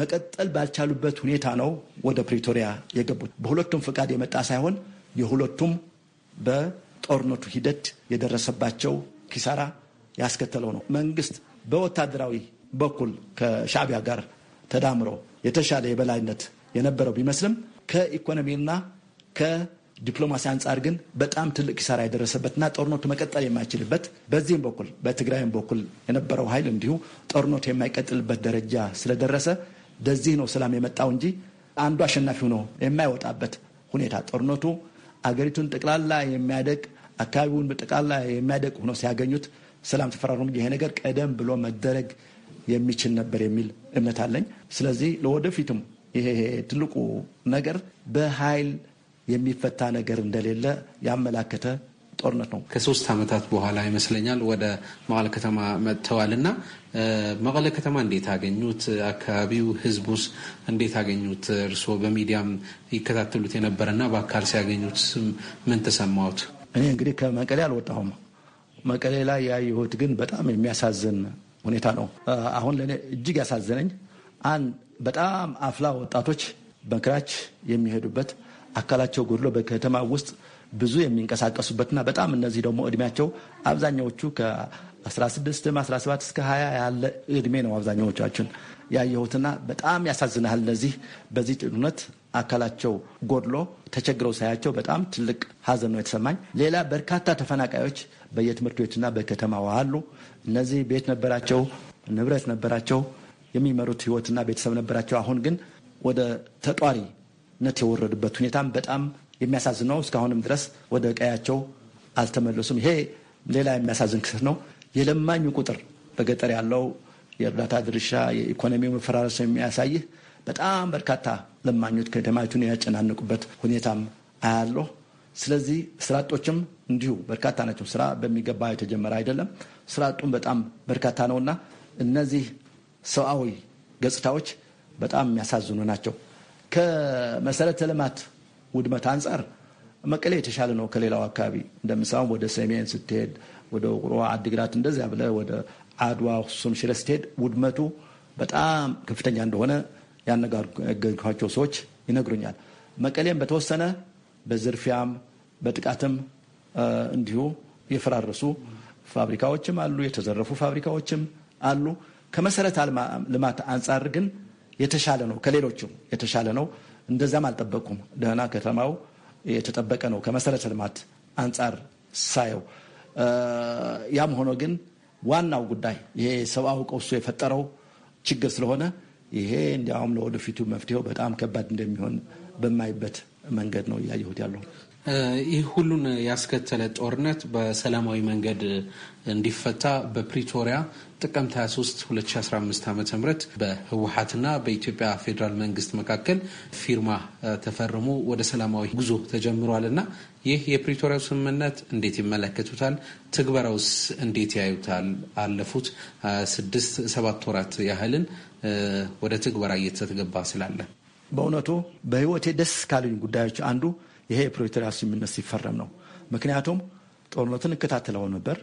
መቀጠል ባልቻሉበት ሁኔታ ነው ወደ ፕሪቶሪያ የገቡት። በሁለቱም ፈቃድ የመጣ ሳይሆን የሁለቱም በጦርነቱ ሂደት የደረሰባቸው ኪሳራ ያስከተለው ነው። መንግስት በወታደራዊ በኩል ከሻዕቢያ ጋር ተዳምሮ የተሻለ የበላይነት የነበረው ቢመስልም ከኢኮኖሚና ዲፕሎማሲ አንጻር ግን በጣም ትልቅ ኪሳራ የደረሰበትና ጦርነቱ መቀጠል የማይችልበት በዚህም በኩል በትግራይም በኩል የነበረው ኃይል እንዲሁ ጦርነቱ የማይቀጥልበት ደረጃ ስለደረሰ በዚህ ነው ሰላም የመጣው እንጂ አንዱ አሸናፊው ነው የማይወጣበት ሁኔታ ጦርነቱ አገሪቱን ጠቅላላ የሚያደቅ አካባቢውን ጠቅላላ የሚያደቅ ሆኖ ሲያገኙት ሰላም ተፈራርሞ ይሄ ነገር ቀደም ብሎ መደረግ የሚችል ነበር የሚል እምነት አለኝ። ስለዚህ ለወደፊትም ይሄ ትልቁ ነገር በኃይል የሚፈታ ነገር እንደሌለ ያመላከተ ጦርነት ነው። ከሶስት ዓመታት በኋላ ይመስለኛል ወደ መቀለ ከተማ መጥተዋል እና መቀለ ከተማ እንዴት አገኙት? አካባቢው ህዝቡስ እንዴት አገኙት? እርስዎ በሚዲያም ይከታተሉት የነበረና በአካል ሲያገኙት ምን ተሰማዎት? እኔ እንግዲህ ከመቀሌ አልወጣሁም። መቀሌ ላይ ያየሁት ግን በጣም የሚያሳዝን ሁኔታ ነው። አሁን ለእኔ እጅግ ያሳዘነኝ አንድ በጣም አፍላ ወጣቶች በክራች የሚሄዱበት አካላቸው ጎድሎ በከተማ ውስጥ ብዙ የሚንቀሳቀሱበትና በጣም እነዚህ ደግሞ እድሜያቸው አብዛኛዎቹ ከ16 17 እስከ 20 ያለ እድሜ ነው አብዛኛዎቻችን ያየሁትና በጣም ያሳዝናል። እነዚህ በዚህ ጭነት አካላቸው ጎድሎ ተቸግረው ሳያቸው በጣም ትልቅ ሀዘን ነው የተሰማኝ። ሌላ በርካታ ተፈናቃዮች በየትምህርት ቤትና በከተማዋ አሉ። እነዚህ ቤት ነበራቸው፣ ንብረት ነበራቸው፣ የሚመሩት ህይወትና ቤተሰብ ነበራቸው። አሁን ግን ወደ ተጧሪ ነት የወረዱበት ሁኔታም በጣም የሚያሳዝን ነው። እስካሁንም ድረስ ወደ ቀያቸው አልተመለሱም። ይሄ ሌላ የሚያሳዝን ክስተት ነው። የለማኙ ቁጥር በገጠር ያለው የእርዳታ ድርሻ የኢኮኖሚው መፈራረስ የሚያሳይህ በጣም በርካታ ለማኞች ከተማቱን ያጨናንቁበት ሁኔታም አያለሁ። ስለዚህ ስራጦችም እንዲሁ በርካታ ናቸው። ስራ በሚገባ የተጀመረ አይደለም። ስራ በጣም በርካታ ነውና እነዚህ ሰብአዊ ገጽታዎች በጣም የሚያሳዝኑ ናቸው። ከመሰረተ ልማት ውድመት አንጻር መቀሌ የተሻለ ነው ከሌላው አካባቢ። እንደምሳሌ ወደ ሰሜን ስትሄድ፣ ወደ ውቅሮ አዲግራት፣ እንደዚያ ብለህ ወደ አድዋ፣ አክሱም፣ ሽረ ስትሄድ ውድመቱ በጣም ከፍተኛ እንደሆነ ያነጋገርኳቸው ሰዎች ይነግሩኛል። መቀሌም በተወሰነ በዝርፊያም በጥቃትም እንዲሁ የፈራረሱ ፋብሪካዎችም አሉ፣ የተዘረፉ ፋብሪካዎችም አሉ። ከመሰረተ ልማት አንጻር ግን የተሻለ ነው፣ ከሌሎቹም የተሻለ ነው። እንደዚያም አልጠበቁም። ደህና ከተማው የተጠበቀ ነው ከመሰረተ ልማት አንጻር ሳየው። ያም ሆኖ ግን ዋናው ጉዳይ ይሄ ሰብአዊ ቀውሱ የፈጠረው ችግር ስለሆነ ይሄ እንዲያውም ለወደፊቱ መፍትሄው በጣም ከባድ እንደሚሆን በማይበት መንገድ ነው እያየሁት ያለው። ይህ ሁሉን ያስከተለ ጦርነት በሰላማዊ መንገድ እንዲፈታ በፕሪቶሪያ ጥቅምት 23 2015 ዓ ም በህወሀትና በኢትዮጵያ ፌዴራል መንግስት መካከል ፊርማ ተፈርሞ ወደ ሰላማዊ ጉዞ እና ይህ የፕሪቶሪያው ስምምነት እንዴት ይመለከቱታል? ትግበራውስ እንዴት ያዩታል? አለፉት ስድስት ሰባት ወራት ያህልን ወደ ትግበራ እየተገባ ስላለ በእውነቱ በህይወቴ ደስ ካሉኝ ጉዳዮች አንዱ ይሄ የፕሪቶሪያ ስምምነት ሲፈረም ነው። ምክንያቱም ጦርነትን እከታተለው ነበር።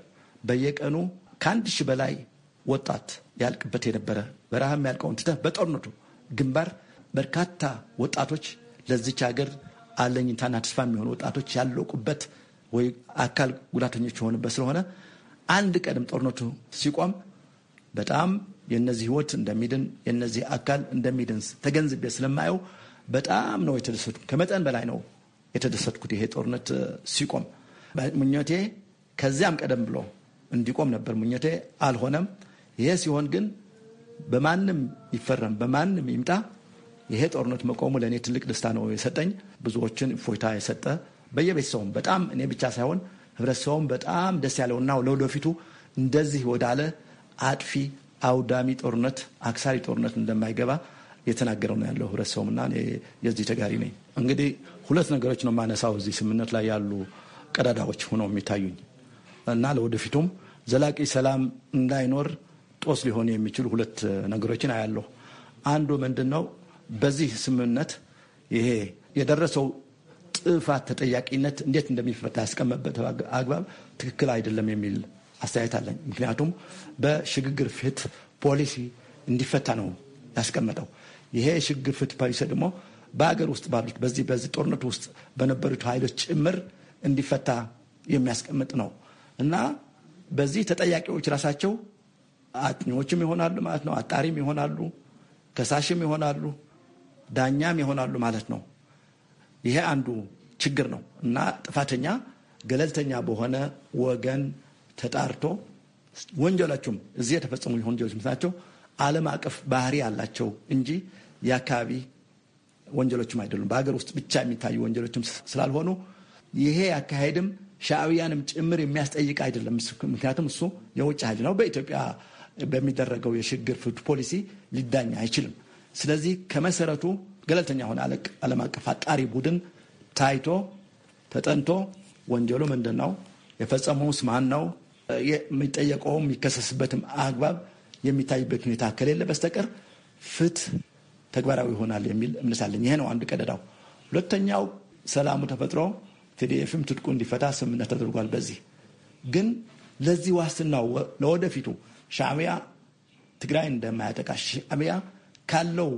በየቀኑ ከአንድ ሺህ በላይ ወጣት ያልቅበት የነበረ በረሃም ያልቀውን ትተህ በጦርነቱ ግንባር በርካታ ወጣቶች ለዚች ሀገር አለኝታና ተስፋ የሚሆኑ ወጣቶች ያለቁበት ወይ አካል ጉዳተኞች የሆንበት ስለሆነ አንድ ቀንም ጦርነቱ ሲቆም በጣም የነዚህ ህይወት እንደሚድን የነዚህ አካል እንደሚድን ተገንዝቤ ስለማየው በጣም ነው የተደሰቱ። ከመጠን በላይ ነው የተደሰትኩት ይሄ ጦርነት ሲቆም ምኞቴ ከዚያም ቀደም ብሎ እንዲቆም ነበር ምኞቴ። አልሆነም። ይሄ ሲሆን ግን በማንም ይፈረም በማንም ይምጣ ይሄ ጦርነት መቆሙ ለእኔ ትልቅ ደስታ ነው የሰጠኝ። ብዙዎችን እፎይታ የሰጠ በየቤተሰቡም በጣም እኔ ብቻ ሳይሆን ህብረተሰቡም በጣም ደስ ያለውና ለወደፊቱ እንደዚህ ወዳለ አጥፊ አውዳሚ ጦርነት፣ አክሳሪ ጦርነት እንደማይገባ የተናገረው ነው ያለው ህብረተሰቡምና የዚህ ተጋሪ ነኝ። እንግዲህ ሁለት ነገሮች ነው ማነሳው እዚህ ስምምነት ላይ ያሉ ቀዳዳዎች ሆነው የሚታዩኝ እና ለወደፊቱም ዘላቂ ሰላም እንዳይኖር ጦስ ሊሆኑ የሚችሉ ሁለት ነገሮችን አያለሁ። አንዱ ምንድን ነው? በዚህ ስምምነት ይሄ የደረሰው ጥፋት ተጠያቂነት እንዴት እንደሚፈታ ያስቀመጠበት አግባብ ትክክል አይደለም የሚል አስተያየት አለኝ። ምክንያቱም በሽግግር ፍትህ ፖሊሲ እንዲፈታ ነው ያስቀመጠው። ይሄ የሽግግር ፍትህ ፖሊሲ ደግሞ በሀገር ውስጥ ባሉት በዚህ በዚህ ጦርነት ውስጥ በነበሩት ኃይሎች ጭምር እንዲፈታ የሚያስቀምጥ ነው እና በዚህ ተጠያቂዎች ራሳቸው አጥኚዎችም ይሆናሉ ማለት ነው፣ አጣሪም ይሆናሉ፣ ከሳሽም ይሆናሉ፣ ዳኛም ይሆናሉ ማለት ነው። ይሄ አንዱ ችግር ነው እና ጥፋተኛ ገለልተኛ በሆነ ወገን ተጣርቶ ወንጀላቸውም እዚህ የተፈጸሙ ወንጀሎች ናቸው ዓለም አቀፍ ባህሪ ያላቸው እንጂ የአካባቢ ወንጀሎችም አይደሉም። በሀገር ውስጥ ብቻ የሚታዩ ወንጀሎችም ስላልሆኑ ይሄ አካሄድም ሻዕቢያንም ጭምር የሚያስጠይቅ አይደለም። ምክንያቱም እሱ የውጭ ኃይል ነው፣ በኢትዮጵያ በሚደረገው የሽግግር ፍርድ ፖሊሲ ሊዳኝ አይችልም። ስለዚህ ከመሰረቱ ገለልተኛ የሆነ ዓለም አቀፍ አጣሪ ቡድን ታይቶ ተጠንቶ ወንጀሉ ምንድን ነው፣ የፈጸመውስ ማን ነው፣ የሚጠየቀውም የሚከሰስበትም አግባብ የሚታይበት ሁኔታ ከሌለ በስተቀር ፍትህ ተግባራዊ ይሆናል የሚል እምነት አለኝ። ይሄ ነው አንድ ቀደዳው። ሁለተኛው ሰላሙ ተፈጥሮ ቲዲኤፍም ትጥቁ እንዲፈታ ስምምነት ተደርጓል። በዚህ ግን ለዚህ ዋስትናው ለወደፊቱ ሻዕቢያ ትግራይ እንደማያጠቃ ሻዕቢያ ካለው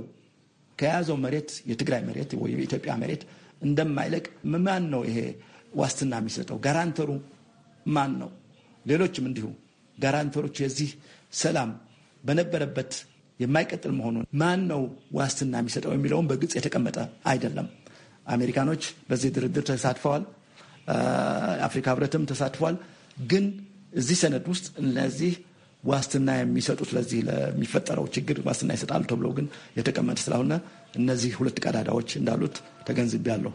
ከያዘው መሬት የትግራይ መሬት ወይ የኢትዮጵያ መሬት እንደማይለቅ ማን ነው ይሄ ዋስትና የሚሰጠው? ጋራንተሩ ማን ነው? ሌሎችም እንዲሁ ጋራንተሮች የዚህ ሰላም በነበረበት የማይቀጥል መሆኑን ማን ነው ዋስትና የሚሰጠው የሚለውን በግልጽ የተቀመጠ አይደለም። አሜሪካኖች በዚህ ድርድር ተሳትፈዋል። አፍሪካ ህብረትም ተሳትፏል። ግን እዚህ ሰነድ ውስጥ እነዚህ ዋስትና የሚሰጡት ለዚህ ለሚፈጠረው ችግር ዋስትና ይሰጣሉ ተብሎ ግን የተቀመጠ ስለሆነ እነዚህ ሁለት ቀዳዳዎች እንዳሉት ተገንዝቤያለሁ።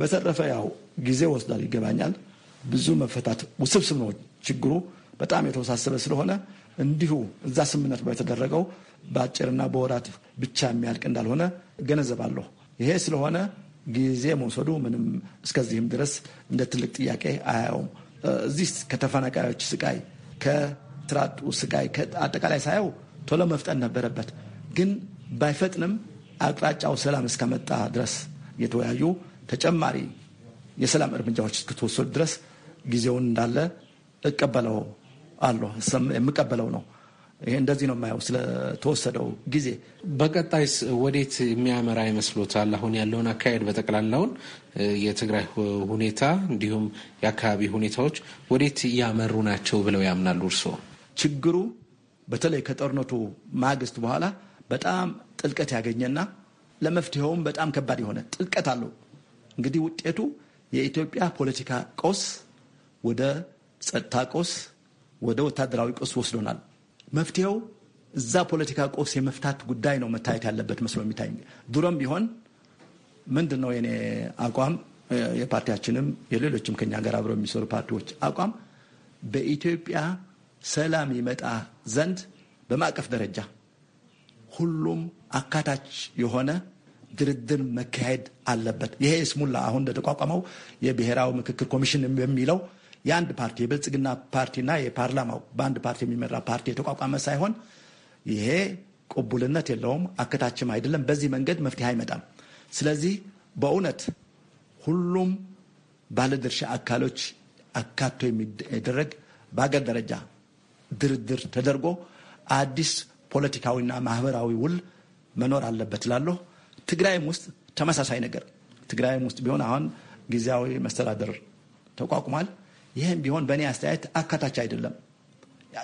በተረፈ ያው ጊዜ ወስዷል፣ ይገባኛል። ብዙ መፈታት ውስብስብ ነው ችግሩ በጣም የተወሳሰበ ስለሆነ እንዲሁ እዛ ስምምነት በተደረገው በአጭርና በወራት ብቻ የሚያልቅ እንዳልሆነ ገነዘባለሁ። ይሄ ስለሆነ ጊዜ መውሰዱ ምንም እስከዚህም ድረስ እንደ ትልቅ ጥያቄ አያውም። እዚህ ከተፈናቃዮች ስቃይ፣ ከትራጡ ስቃይ አጠቃላይ ሳየው ቶሎ መፍጠን ነበረበት። ግን ባይፈጥንም አቅጣጫው ሰላም እስከመጣ ድረስ የተወያዩ ተጨማሪ የሰላም እርምጃዎች እስክትወሰዱ ድረስ ጊዜውን እንዳለ እቀበለው አለ የምቀበለው ነው። ይሄ እንደዚህ ነው የማየው ስለተወሰደው ጊዜ። በቀጣይስ ወዴት የሚያመራ ይመስሎታል? አሁን ያለውን አካሄድ በጠቅላላውን የትግራይ ሁኔታ እንዲሁም የአካባቢ ሁኔታዎች ወዴት እያመሩ ናቸው ብለው ያምናሉ እርስዎ? ችግሩ በተለይ ከጦርነቱ ማግስት በኋላ በጣም ጥልቀት ያገኘና ለመፍትሄውም በጣም ከባድ የሆነ ጥልቀት አለው። እንግዲህ ውጤቱ የኢትዮጵያ ፖለቲካ ቀውስ ወደ ጸጥታ ቀውስ፣ ወደ ወታደራዊ ቀውስ ወስዶናል። መፍትሄው እዛ ፖለቲካ ቆስ የመፍታት ጉዳይ ነው መታየት ያለበት መስሎ የሚታይ ድሮም ቢሆን ምንድን ነው የኔ አቋም የፓርቲያችንም የሌሎችም ከኛ ጋር አብረው የሚሰሩ ፓርቲዎች አቋም በኢትዮጵያ ሰላም ይመጣ ዘንድ በማዕቀፍ ደረጃ ሁሉም አካታች የሆነ ድርድር መካሄድ አለበት። ይሄ ስሙላ አሁን እንደተቋቋመው የብሔራዊ ምክክር ኮሚሽን የሚለው የአንድ ፓርቲ የብልጽግና ፓርቲና የፓርላማው በአንድ ፓርቲ የሚመራ ፓርቲ የተቋቋመ ሳይሆን ይሄ ቅቡልነት የለውም፣ አከታችም አይደለም። በዚህ መንገድ መፍትሄ አይመጣም። ስለዚህ በእውነት ሁሉም ባለድርሻ አካሎች አካቶ የሚደረግ በሀገር ደረጃ ድርድር ተደርጎ አዲስ ፖለቲካዊና ማህበራዊ ውል መኖር አለበት እላለሁ። ትግራይም ውስጥ ተመሳሳይ ነገር ትግራይም ውስጥ ቢሆን አሁን ጊዜያዊ መስተዳደር ተቋቁሟል። ይህም ቢሆን በእኔ አስተያየት አካታች አይደለም።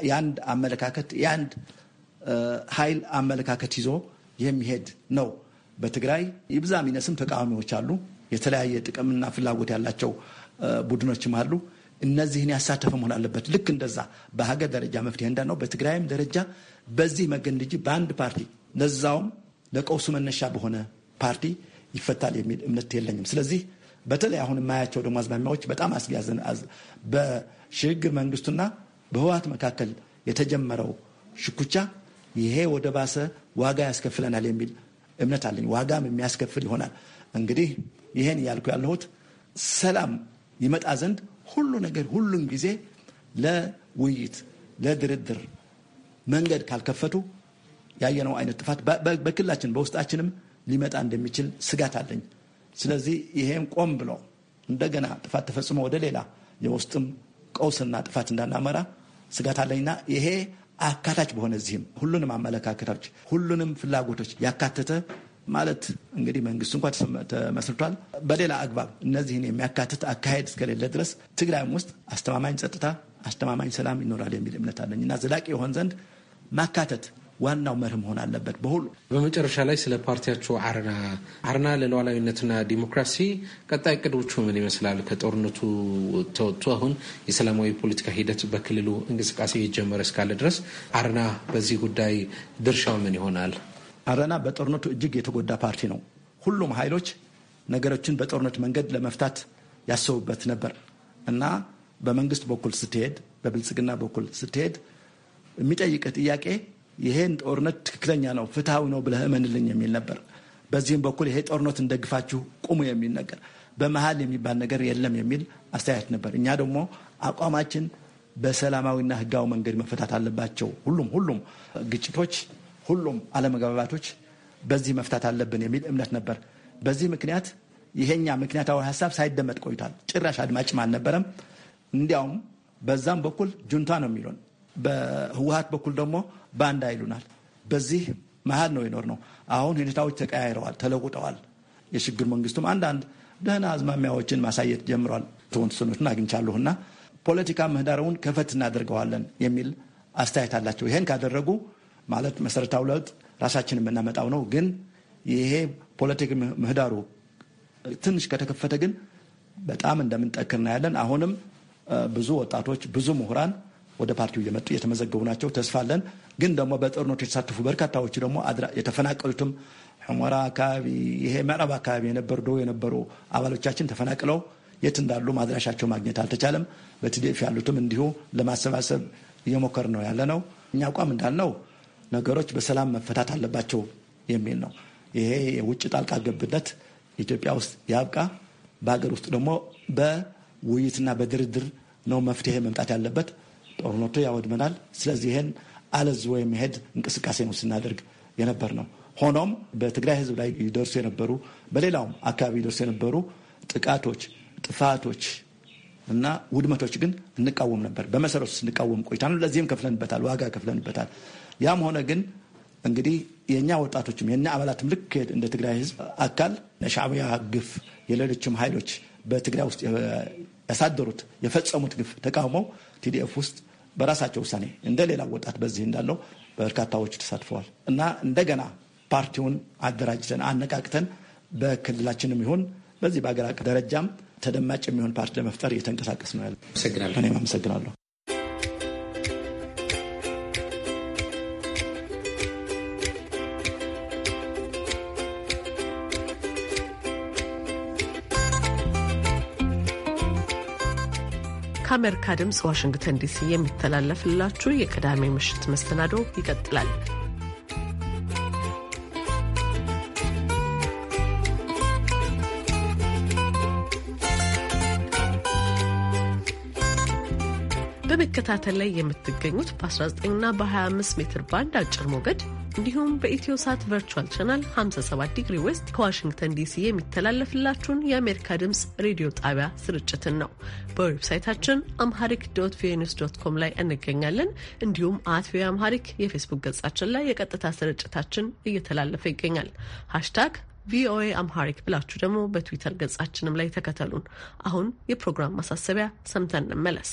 የአንድ አመለካከት የአንድ ኃይል አመለካከት ይዞ የሚሄድ ነው። በትግራይ ይብዛ ይነስም ተቃዋሚዎች አሉ። የተለያየ ጥቅምና ፍላጎት ያላቸው ቡድኖችም አሉ። እነዚህን ያሳተፈ መሆን አለበት። ልክ እንደዛ በሀገር ደረጃ መፍትሄ እንዳ ነው በትግራይም ደረጃ በዚህ መገን እንጂ በአንድ ፓርቲ ለዛውም ለቀውሱ መነሻ በሆነ ፓርቲ ይፈታል የሚል እምነት የለኝም። ስለዚህ በተለይ አሁን የማያቸው ደግሞ አዝማሚያዎች በጣም አስጊ በሽግግር መንግስቱና በህወሓት መካከል የተጀመረው ሽኩቻ ይሄ ወደ ባሰ ዋጋ ያስከፍለናል የሚል እምነት አለኝ። ዋጋም የሚያስከፍል ይሆናል። እንግዲህ ይሄን እያልኩ ያለሁት ሰላም ይመጣ ዘንድ ሁሉ ነገር ሁሉም ጊዜ ለውይይት ለድርድር መንገድ ካልከፈቱ ያየነው አይነት ጥፋት በክልላችን በውስጣችንም ሊመጣ እንደሚችል ስጋት አለኝ። ስለዚህ ይሄም ቆም ብሎ እንደገና ጥፋት ተፈጽሞ ወደ ሌላ የውስጥም ቀውስና ጥፋት እንዳናመራ ስጋት አለኝና ይሄ አካታች በሆነ እዚህም ሁሉንም አመለካከቶች ሁሉንም ፍላጎቶች ያካተተ ማለት እንግዲህ መንግስቱ እንኳ ተመስርቷል። በሌላ አግባብ እነዚህን የሚያካትት አካሄድ እስከሌለ ድረስ ትግራይም ውስጥ አስተማማኝ ጸጥታ፣ አስተማማኝ ሰላም ይኖራል የሚል እምነት አለኝ እና ዘላቂ የሆን ዘንድ ማካተት ዋናው መርህ መሆን አለበት በሁሉ። በመጨረሻ ላይ ስለ ፓርቲያቸው አረና አረና ለሉዓላዊነትና ዲሞክራሲ ቀጣይ እቅዶቹ ምን ይመስላል? ከጦርነቱ ተወጥቶ አሁን የሰላማዊ ፖለቲካ ሂደት በክልሉ እንቅስቃሴ የጀመረ እስካለ ድረስ አረና በዚህ ጉዳይ ድርሻው ምን ይሆናል? አረና በጦርነቱ እጅግ የተጎዳ ፓርቲ ነው። ሁሉም ኃይሎች ነገሮችን በጦርነት መንገድ ለመፍታት ያሰቡበት ነበር እና በመንግስት በኩል ስትሄድ፣ በብልጽግና በኩል ስትሄድ የሚጠይቅህ ጥያቄ ይሄን ጦርነት ትክክለኛ ነው፣ ፍትሐዊ ነው ብለህ እመንልኝ የሚል ነበር። በዚህም በኩል ይሄ ጦርነት እንደግፋችሁ ቁሙ የሚል ነገር፣ በመሀል የሚባል ነገር የለም የሚል አስተያየት ነበር። እኛ ደግሞ አቋማችን በሰላማዊና ህጋዊ መንገድ መፈታት አለባቸው። ሁሉም ሁሉም ግጭቶች፣ ሁሉም አለመግባባቶች በዚህ መፍታት አለብን የሚል እምነት ነበር። በዚህ ምክንያት ይሄኛ ምክንያታዊ ሀሳብ ሳይደመጥ ቆይቷል። ጭራሽ አድማጭም አልነበረም። እንዲያውም በዛም በኩል ጁንታ ነው የሚለን በህወሀት በኩል ደግሞ ባንዳ ይሉናል። በዚህ መሀል ነው የኖር ነው። አሁን ሁኔታዎች ተቀያይረዋል፣ ተለውጠዋል። የሽግግር መንግስቱም አንዳንድ ደህና አዝማሚያዎችን ማሳየት ጀምሯል። ተወሰኖችን አግኝቻለሁና ፖለቲካ ምህዳሩን ከፈት እናደርገዋለን የሚል አስተያየት አላቸው። ይህን ካደረጉ ማለት መሰረታዊ ለውጥ ራሳችን የምናመጣው ነው። ግን ይሄ ፖለቲክ ምህዳሩ ትንሽ ከተከፈተ ግን በጣም እንደምንጠክር እናያለን። አሁንም ብዙ ወጣቶች፣ ብዙ ምሁራን ወደ ፓርቲው እየመጡ እየተመዘገቡ ናቸው። ተስፋ አለን። ግን ደግሞ በጦርነቱ የተሳተፉ በርካታዎች ደግሞ የተፈናቀሉትም ሑመራ አካባቢ ይሄ ምዕራብ አካባቢ የነበሩ ዶ የነበሩ አባሎቻችን ተፈናቅለው የት እንዳሉ ማድራሻቸው ማግኘት አልተቻለም። በቲዲኤፍ ያሉትም እንዲሁ ለማሰባሰብ እየሞከር ነው ያለ ነው። እኛ አቋም እንዳልነው ነገሮች በሰላም መፈታት አለባቸው የሚል ነው። ይሄ የውጭ ጣልቃ ገብነት ኢትዮጵያ ውስጥ ያብቃ። በሀገር ውስጥ ደግሞ በውይይትና በድርድር ነው መፍትሄ መምጣት ያለበት። ጦርነቱ ያወድመናል። ስለዚህ ይህን አለዝቦ የሚሄድ እንቅስቃሴ ነው ስናደርግ የነበር ነው። ሆኖም በትግራይ ህዝብ ላይ ይደርሱ የነበሩ በሌላውም አካባቢ ይደርሱ የነበሩ ጥቃቶች፣ ጥፋቶች እና ውድመቶች ግን እንቃወም ነበር። በመሰረቱ ስንቃወም ነው። ለዚህም ከፍለንበታል፣ ዋጋ ከፍለንበታል። ያም ሆነ ግን እንግዲህ የእኛ ወጣቶችም የእኛ አባላትም ልክ እንደ ትግራይ ህዝብ አካል የሻዕቢያ ግፍ የሌሎችም ኃይሎች በትግራይ ውስጥ ያሳደሩት የፈጸሙት ግፍ ተቃውመው ቲዲኤፍ ውስጥ በራሳቸው ውሳኔ እንደ ሌላ ወጣት በዚህ እንዳለው በርካታዎች ተሳትፈዋል እና እንደገና ፓርቲውን አደራጅተን አነቃቅተን በክልላችንም ይሁን በዚህ በአገር አቀፍ ደረጃም ተደማጭ የሚሆን ፓርቲ ለመፍጠር እየተንቀሳቀስ ነው ያለ። እኔም አመሰግናለሁ። ከአሜሪካ ድምፅ ዋሽንግተን ዲሲ የሚተላለፍላችሁ የቅዳሜ ምሽት መሰናዶ ይቀጥላል። በመከታተል ላይ የምትገኙት በ19ና በ25 ሜትር ባንድ አጭር ሞገድ እንዲሁም በኢትዮ ሳት ቨርቹዋል ቻናል 57 ዲግሪ ዌስት ከዋሽንግተን ዲሲ የሚተላለፍላችሁን የአሜሪካ ድምፅ ሬዲዮ ጣቢያ ስርጭትን ነው። በዌብሳይታችን አምሃሪክ ዶት ቪኦኤ ዶት ኮም ላይ እንገኛለን። እንዲሁም አት ቪ አምሃሪክ የፌስቡክ ገጻችን ላይ የቀጥታ ስርጭታችን እየተላለፈ ይገኛል። ሃሽታግ ቪኦኤ አምሃሪክ ብላችሁ ደግሞ በትዊተር ገጻችንም ላይ ተከተሉን። አሁን የፕሮግራም ማሳሰቢያ ሰምተን እንመለስ።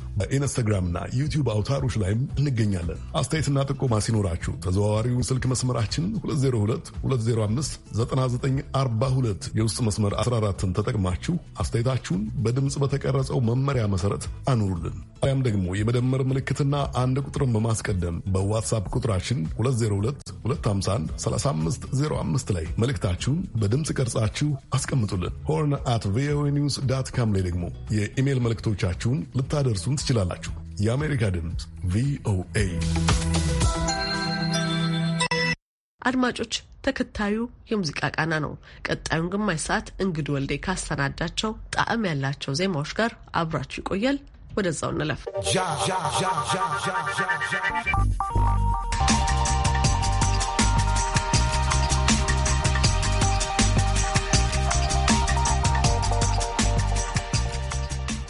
ና ዩቲዩብ አውታሮች ላይም እንገኛለን። አስተያየትና ጥቆማ ሲኖራችሁ ተዘዋዋሪው ስልክ መስመራችን 2022059942 የውስጥ መስመር 14ን ተጠቅማችሁ አስተያየታችሁን በድምፅ በተቀረጸው መመሪያ መሰረት አኑሩልን። ያም ደግሞ የመደመር ምልክትና አንድ ቁጥርን በማስቀደም በዋትሳፕ ቁጥራችን 2022513505 ላይ መልእክታችሁን በድምፅ ቀርጻችሁ አስቀምጡልን። ሆርን አት ቪኦኤ ኒውስ ዳት ካም ላይ ደግሞ የኢሜይል መልእክቶቻችሁን ልታደርሱን ትችላላችሁ። የአሜሪካ ድምፅ ቪኦኤ። አድማጮች፣ ተከታዩ የሙዚቃ ቃና ነው። ቀጣዩን ግማሽ ሰዓት እንግድ ወልዴ ካሰናዳቸው ጣዕም ያላቸው ዜማዎች ጋር አብራችሁ ይቆያል። ወደዛው እንለፍ።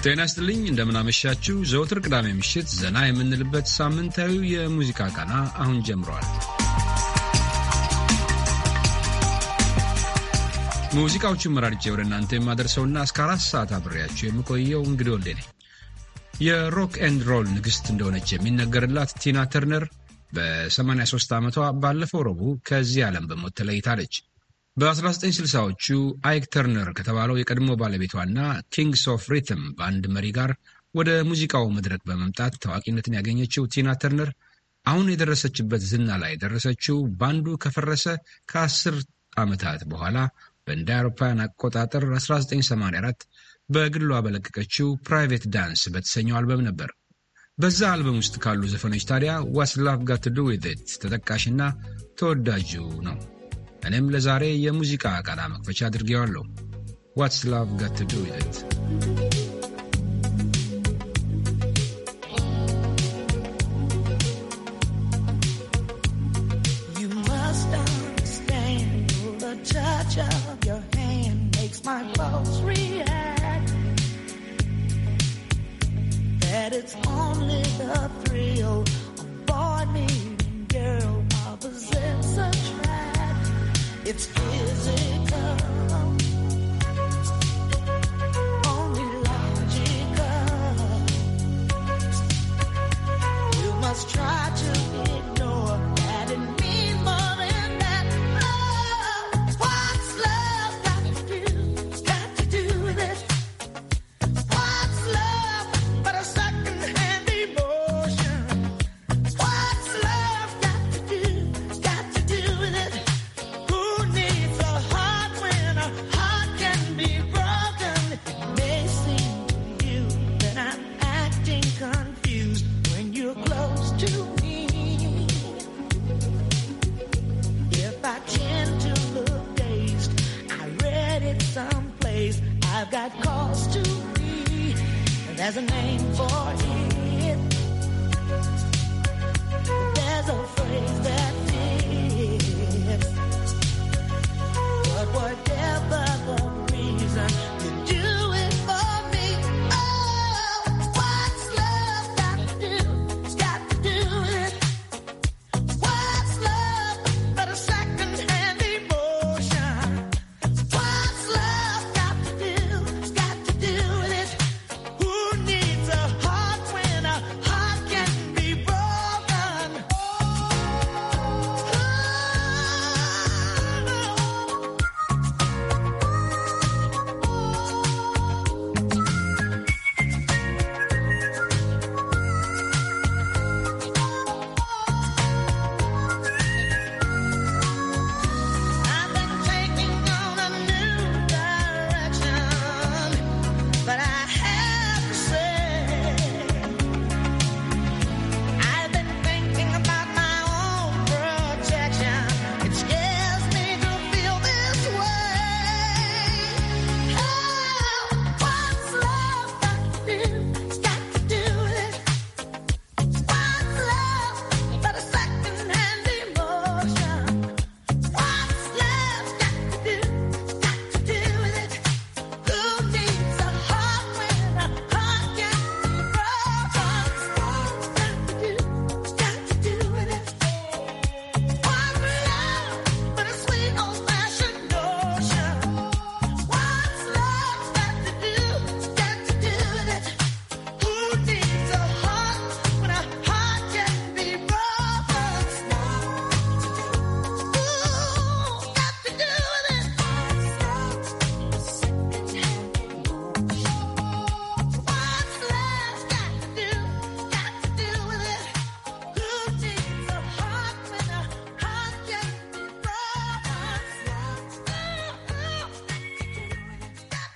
ጤና ይስጥልኝ። እንደምናመሻችሁ። ዘወትር ቅዳሜ ምሽት ዘና የምንልበት ሳምንታዊ የሙዚቃ ቃና አሁን ጀምረዋል። ሙዚቃዎቹን መራርጬ ወደ እናንተ የማደርሰውና እስከ አራት ሰዓት አብሬያችሁ የምቆየው እንግዲህ ወልዴ ነኝ። የሮክ ኤንድ ሮል ንግሥት እንደሆነች የሚነገርላት ቲና ተርነር በ83 ዓመቷ ባለፈው ረቡዕ ከዚህ ዓለም በሞት ተለይታለች። በ1960ዎቹ አይክ ተርነር ከተባለው የቀድሞ ባለቤቷና ኪንግስ ኦፍ ሪትም በአንድ መሪ ጋር ወደ ሙዚቃው መድረክ በመምጣት ታዋቂነትን ያገኘችው ቲና ተርነር አሁን የደረሰችበት ዝና ላይ የደረሰችው ባንዱ ከፈረሰ ከአስር ዓመታት በኋላ በእንደ አውሮፓውያን አቆጣጠር 1984 በግሏ በለቀቀችው ፕራይቬት ዳንስ በተሰኘው አልበም ነበር። በዛ አልበም ውስጥ ካሉ ዘፈኖች ታዲያ ዋስላፍ ላቭ ጋት ቱ ዱ ዊዝ ኢት ተጠቃሽና ተወዳጁ ነው። እኔም ለዛሬ የሙዚቃ ቃና መክፈቻ አድርጌዋለሁ። ዋትስ ላቭ ጋት ዱ ኢት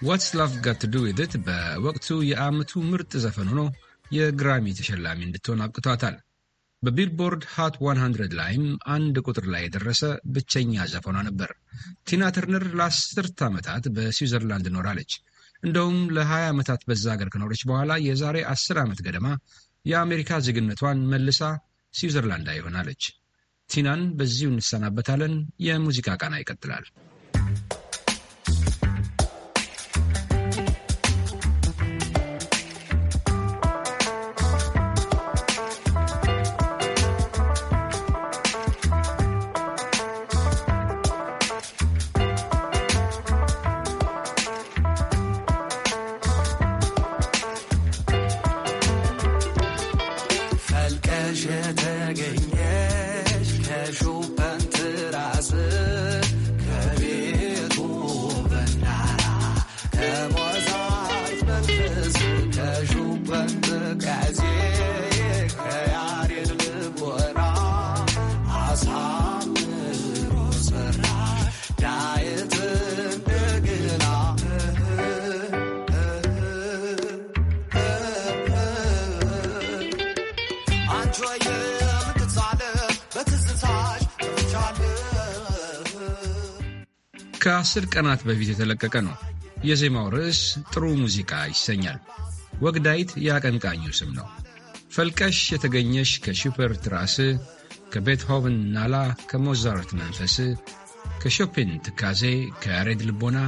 ዋትስ ላቭ ጋት ዱ ዊድት በወቅቱ የዓመቱ ምርጥ ዘፈን ሆኖ የግራሚ ተሸላሚ እንድትሆን አብቅቷታል። በቢልቦርድ ሃት 100 ላይም አንድ ቁጥር ላይ የደረሰ ብቸኛ ዘፈኗ ነበር። ቲና ተርነር ለአስርት ዓመታት በስዊዘርላንድ ኖራለች። እንደውም ለ20 ዓመታት በዛ ሀገር ከኖረች በኋላ የዛሬ 10 ዓመት ገደማ የአሜሪካ ዜግነቷን መልሳ ስዊዘርላንዳ ይሆናለች። ቲናን በዚሁ እንሰናበታለን። የሙዚቃ ቃና ይቀጥላል። ከአስር ቀናት በፊት የተለቀቀ ነው። የዜማው ርዕስ ጥሩ ሙዚቃ ይሰኛል። ወግዳይት የአቀንቃኙ ስም ነው። ፈልቀሽ የተገኘሽ ከሹፐርት ራስ፣ ከቤትሆቨን ናላ፣ ከሞዛርት መንፈስ፣ ከሾፒን ትካዜ፣ ከያሬድ ልቦና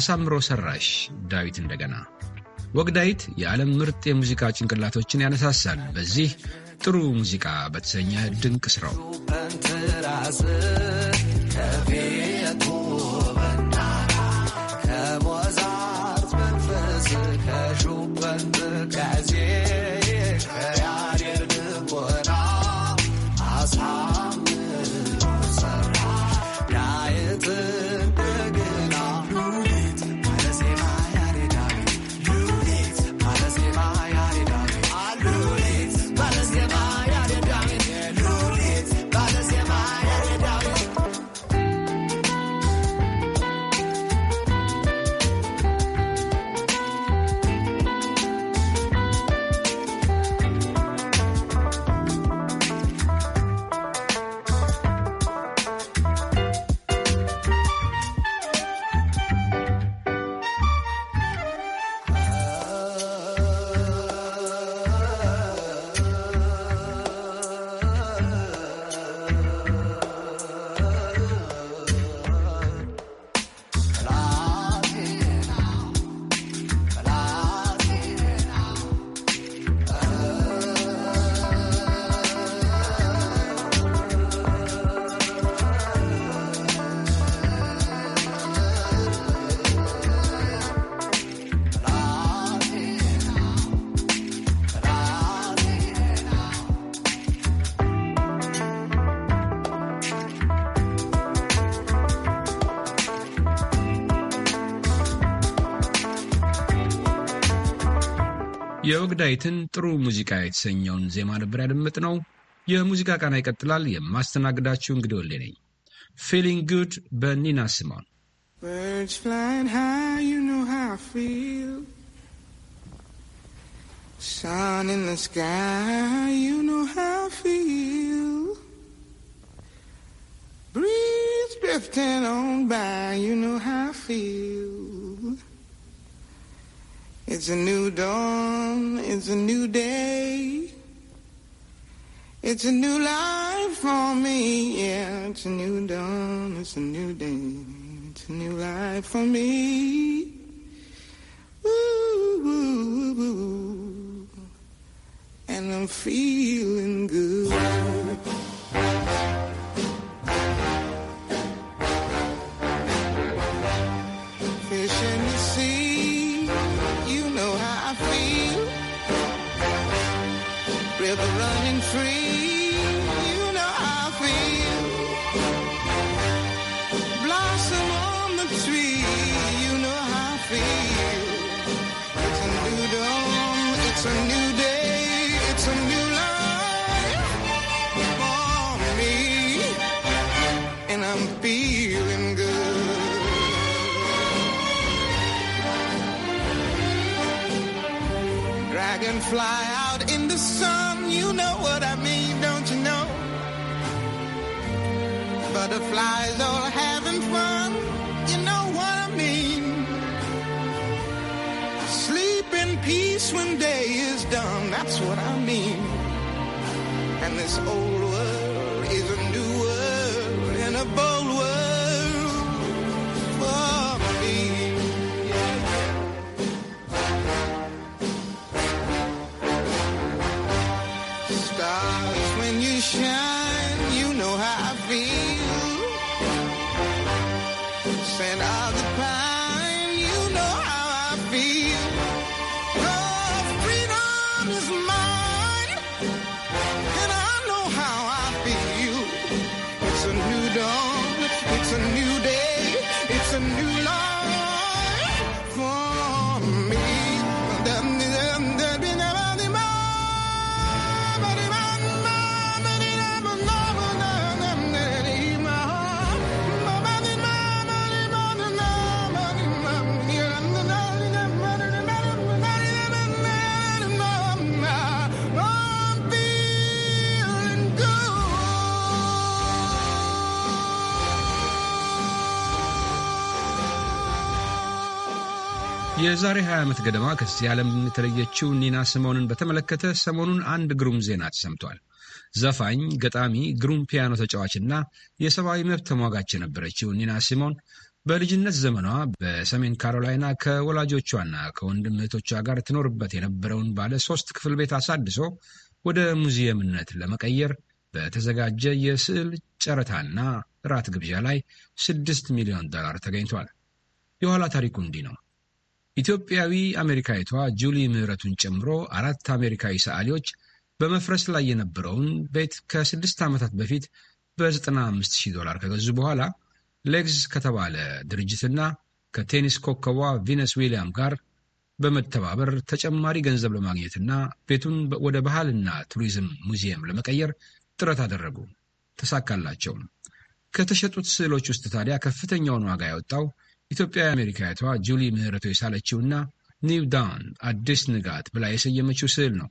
አሳምሮ ሰራሽ ዳዊት እንደገና። ወግዳይት የዓለም ምርጥ የሙዚቃ ጭንቅላቶችን ያነሳሳል። በዚህ ጥሩ ሙዚቃ በተሰኘ ድንቅ ሥራው ዳዊትን ጥሩ ሙዚቃ የተሰኘውን ዜማ ነበር ያደመጥነው። የሙዚቃ ቃና ይቀጥላል። የማስተናግዳችሁ እንግዲህ ወሌ ነኝ። ፊሊንግ ጉድ በኒና ሲሞን Birds flying high, you know how I feel. Sun in the sky, you know how I feel. Breeze drifting on by, you know how I feel. It's a new dawn, it's a new day. It's a new life for me, yeah. It's a new dawn, it's a new day. It's a new life for me. Ooh, ooh, ooh, and I'm feeling good. fly out in the sun. You know what I mean, don't you know? Butterflies all having fun. You know what I mean. Sleep in peace when day is done. That's what I mean. And this old የዛሬ 20 ዓመት ገደማ ከዚህ ዓለም የተለየችው ኒና ስሞንን በተመለከተ ሰሞኑን አንድ ግሩም ዜና ተሰምቷል። ዘፋኝ፣ ገጣሚ፣ ግሩም ፒያኖ ተጫዋችና የሰብአዊ መብት ተሟጋች የነበረችው ኒና ሲሞን በልጅነት ዘመኗ በሰሜን ካሮላይና ከወላጆቿና ከወንድም እህቶቿ ጋር ትኖርበት የነበረውን ባለ ሶስት ክፍል ቤት አሳድሶ ወደ ሙዚየምነት ለመቀየር በተዘጋጀ የስዕል ጨረታና ራት ግብዣ ላይ ስድስት ሚሊዮን ዶላር ተገኝቷል። የኋላ ታሪኩ እንዲህ ነው። ኢትዮጵያዊ አሜሪካዊቷ ጁሊ ምህረቱን ጨምሮ አራት አሜሪካዊ ሰዓሊዎች በመፍረስ ላይ የነበረውን ቤት ከስድስት ዓመታት በፊት በ95 ሺህ ዶላር ከገዙ በኋላ ሌግዝ ከተባለ ድርጅትና ከቴኒስ ኮከቧ ቪነስ ዊሊያም ጋር በመተባበር ተጨማሪ ገንዘብ ለማግኘትና ቤቱን ወደ ባህልና ቱሪዝም ሙዚየም ለመቀየር ጥረት አደረጉ። ተሳካላቸው። ከተሸጡት ስዕሎች ውስጥ ታዲያ ከፍተኛውን ዋጋ ያወጣው ኢትዮጵያዊ አሜሪካዊቷ ጁሊ ምህረቱ የሳለችውና ኒው ዳውን አዲስ ንጋት ብላ የሰየመችው ስዕል ነው።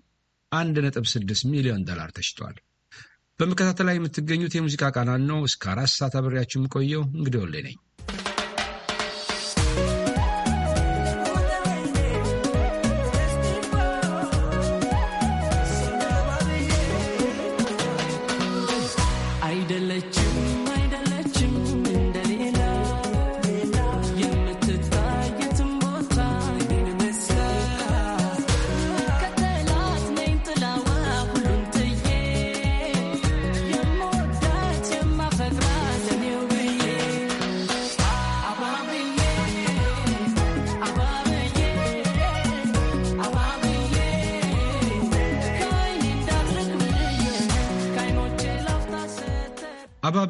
1.6 ሚሊዮን ዶላር ተሽጧል። በመከታተል ላይ የምትገኙት የሙዚቃ ቃናን ነው። እስከ አራት ሰዓት አብሬያችሁ የምቆየው እንግዲህ ወሌ ነኝ።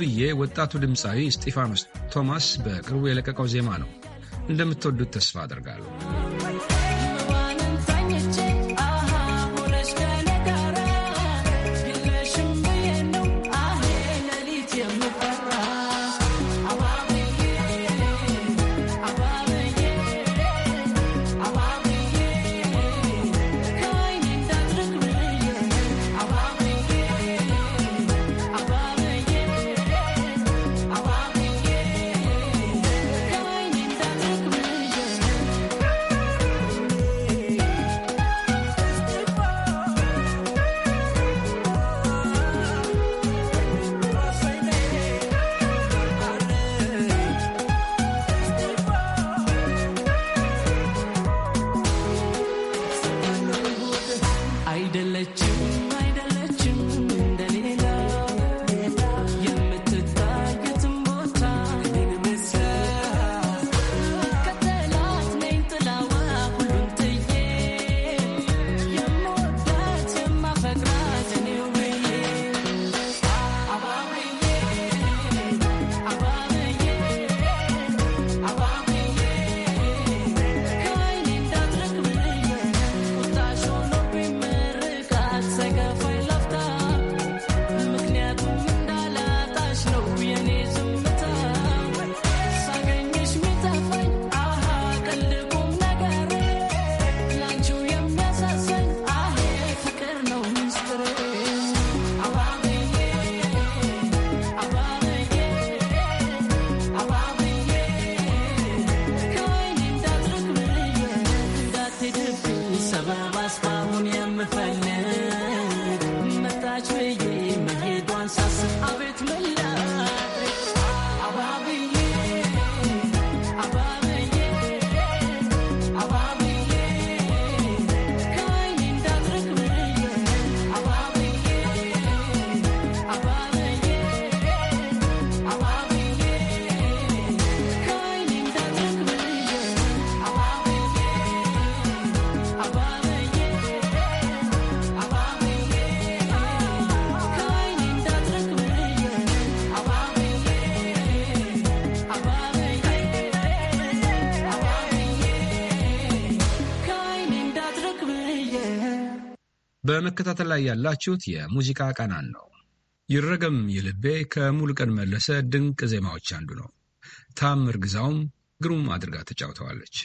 ተብዬ ወጣቱ ድምፃዊ ስጢፋኖስ ቶማስ በቅርቡ የለቀቀው ዜማ ነው። እንደምትወዱት ተስፋ አደርጋለሁ። በመከታተል ላይ ያላችሁት የሙዚቃ ቃናን ነው። ይረገም የልቤ ከሙሉቀን መለሰ ድንቅ ዜማዎች አንዱ ነው። ታምር ግዛውም ግሩም አድርጋ ተጫውተዋለች።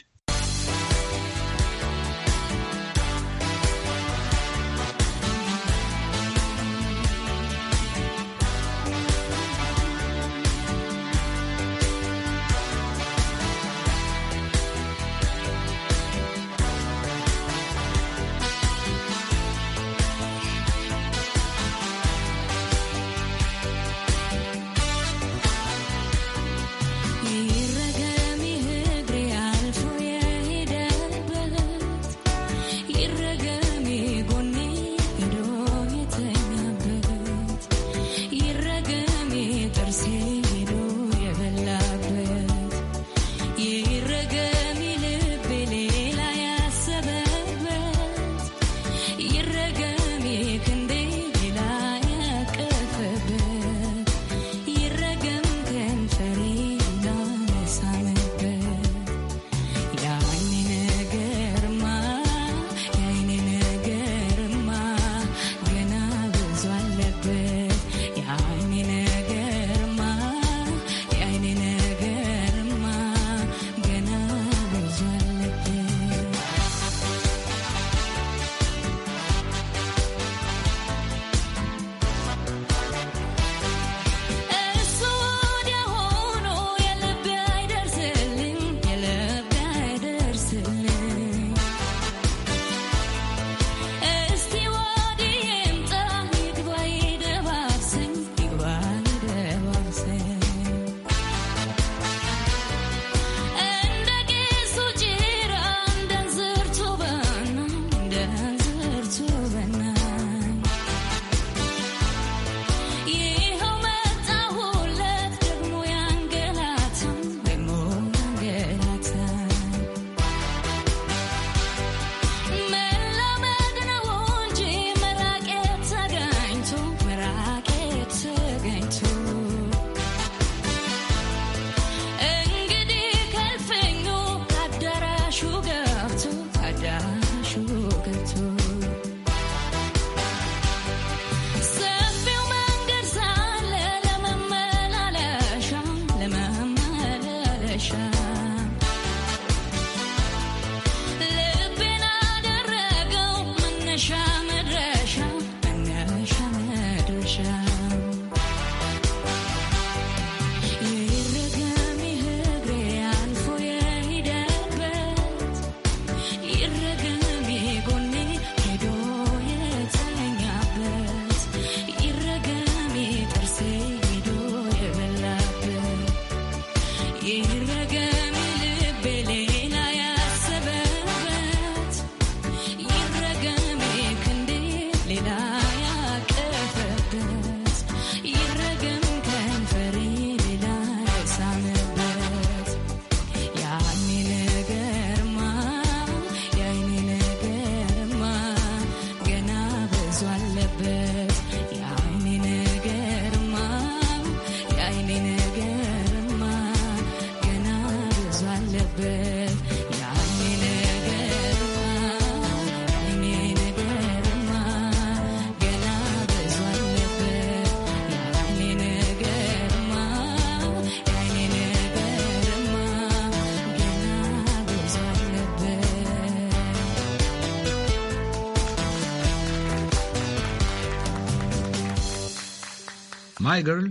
ማይ ገርል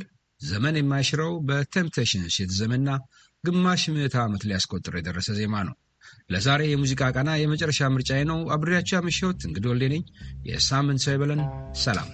ዘመን የማይሽረው በቴምፕቴሽንስ የተዘመና ግማሽ ምዕተ ዓመት ሊያስቆጥር የደረሰ ዜማ ነው። ለዛሬ የሙዚቃ ቀና የመጨረሻ ምርጫዬ ነው። አብሬያቸው ያመሸሁት እንግዲህ ወልዴ ነኝ። የሳምንት ሰው ይበለን። ሰላም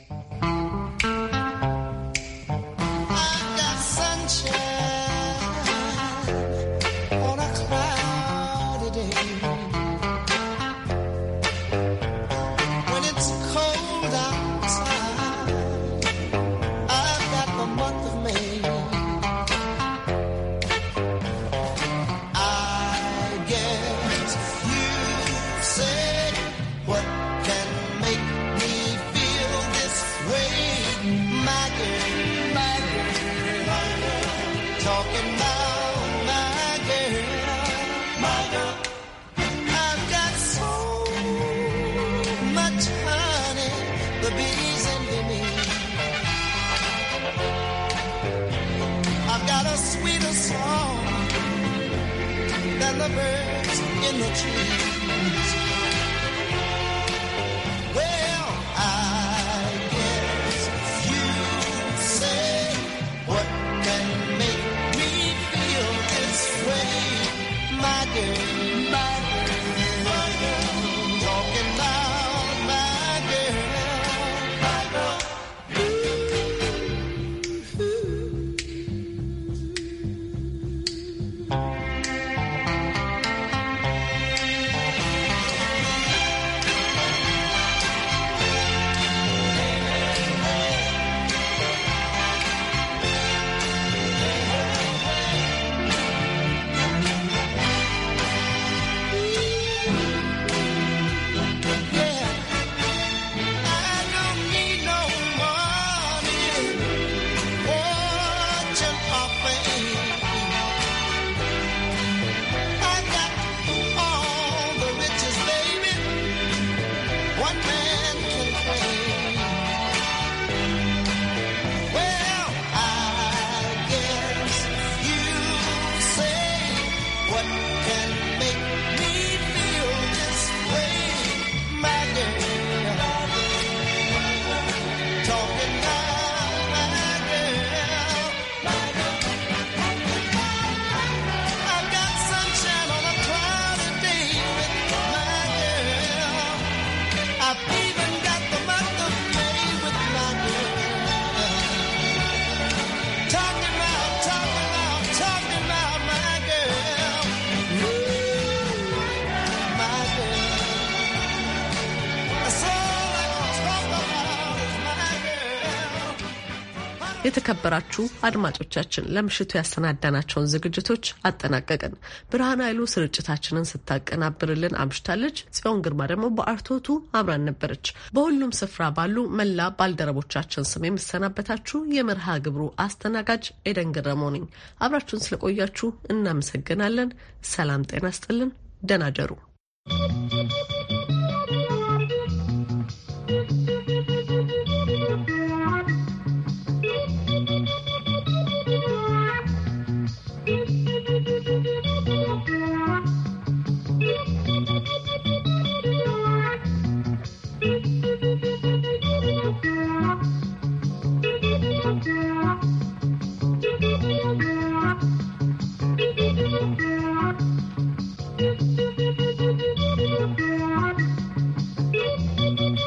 የተከበራችሁ አድማጮቻችን ለምሽቱ ያሰናዳናቸውን ዝግጅቶች አጠናቀቅን። ብርሃን ኃይሉ ስርጭታችንን ስታቀናብርልን አምሽታለች። ጽዮን ግርማ ደግሞ በአርቶቱ አብራን ነበረች። በሁሉም ስፍራ ባሉ መላ ባልደረቦቻችን ስም የምሰናበታችሁ የመርሃ ግብሩ አስተናጋጅ ኤደን ገረመው ነኝ። አብራችሁን ስለቆያችሁ እናመሰግናለን። ሰላም ጤና ስጥልን። ደህና ደሩ።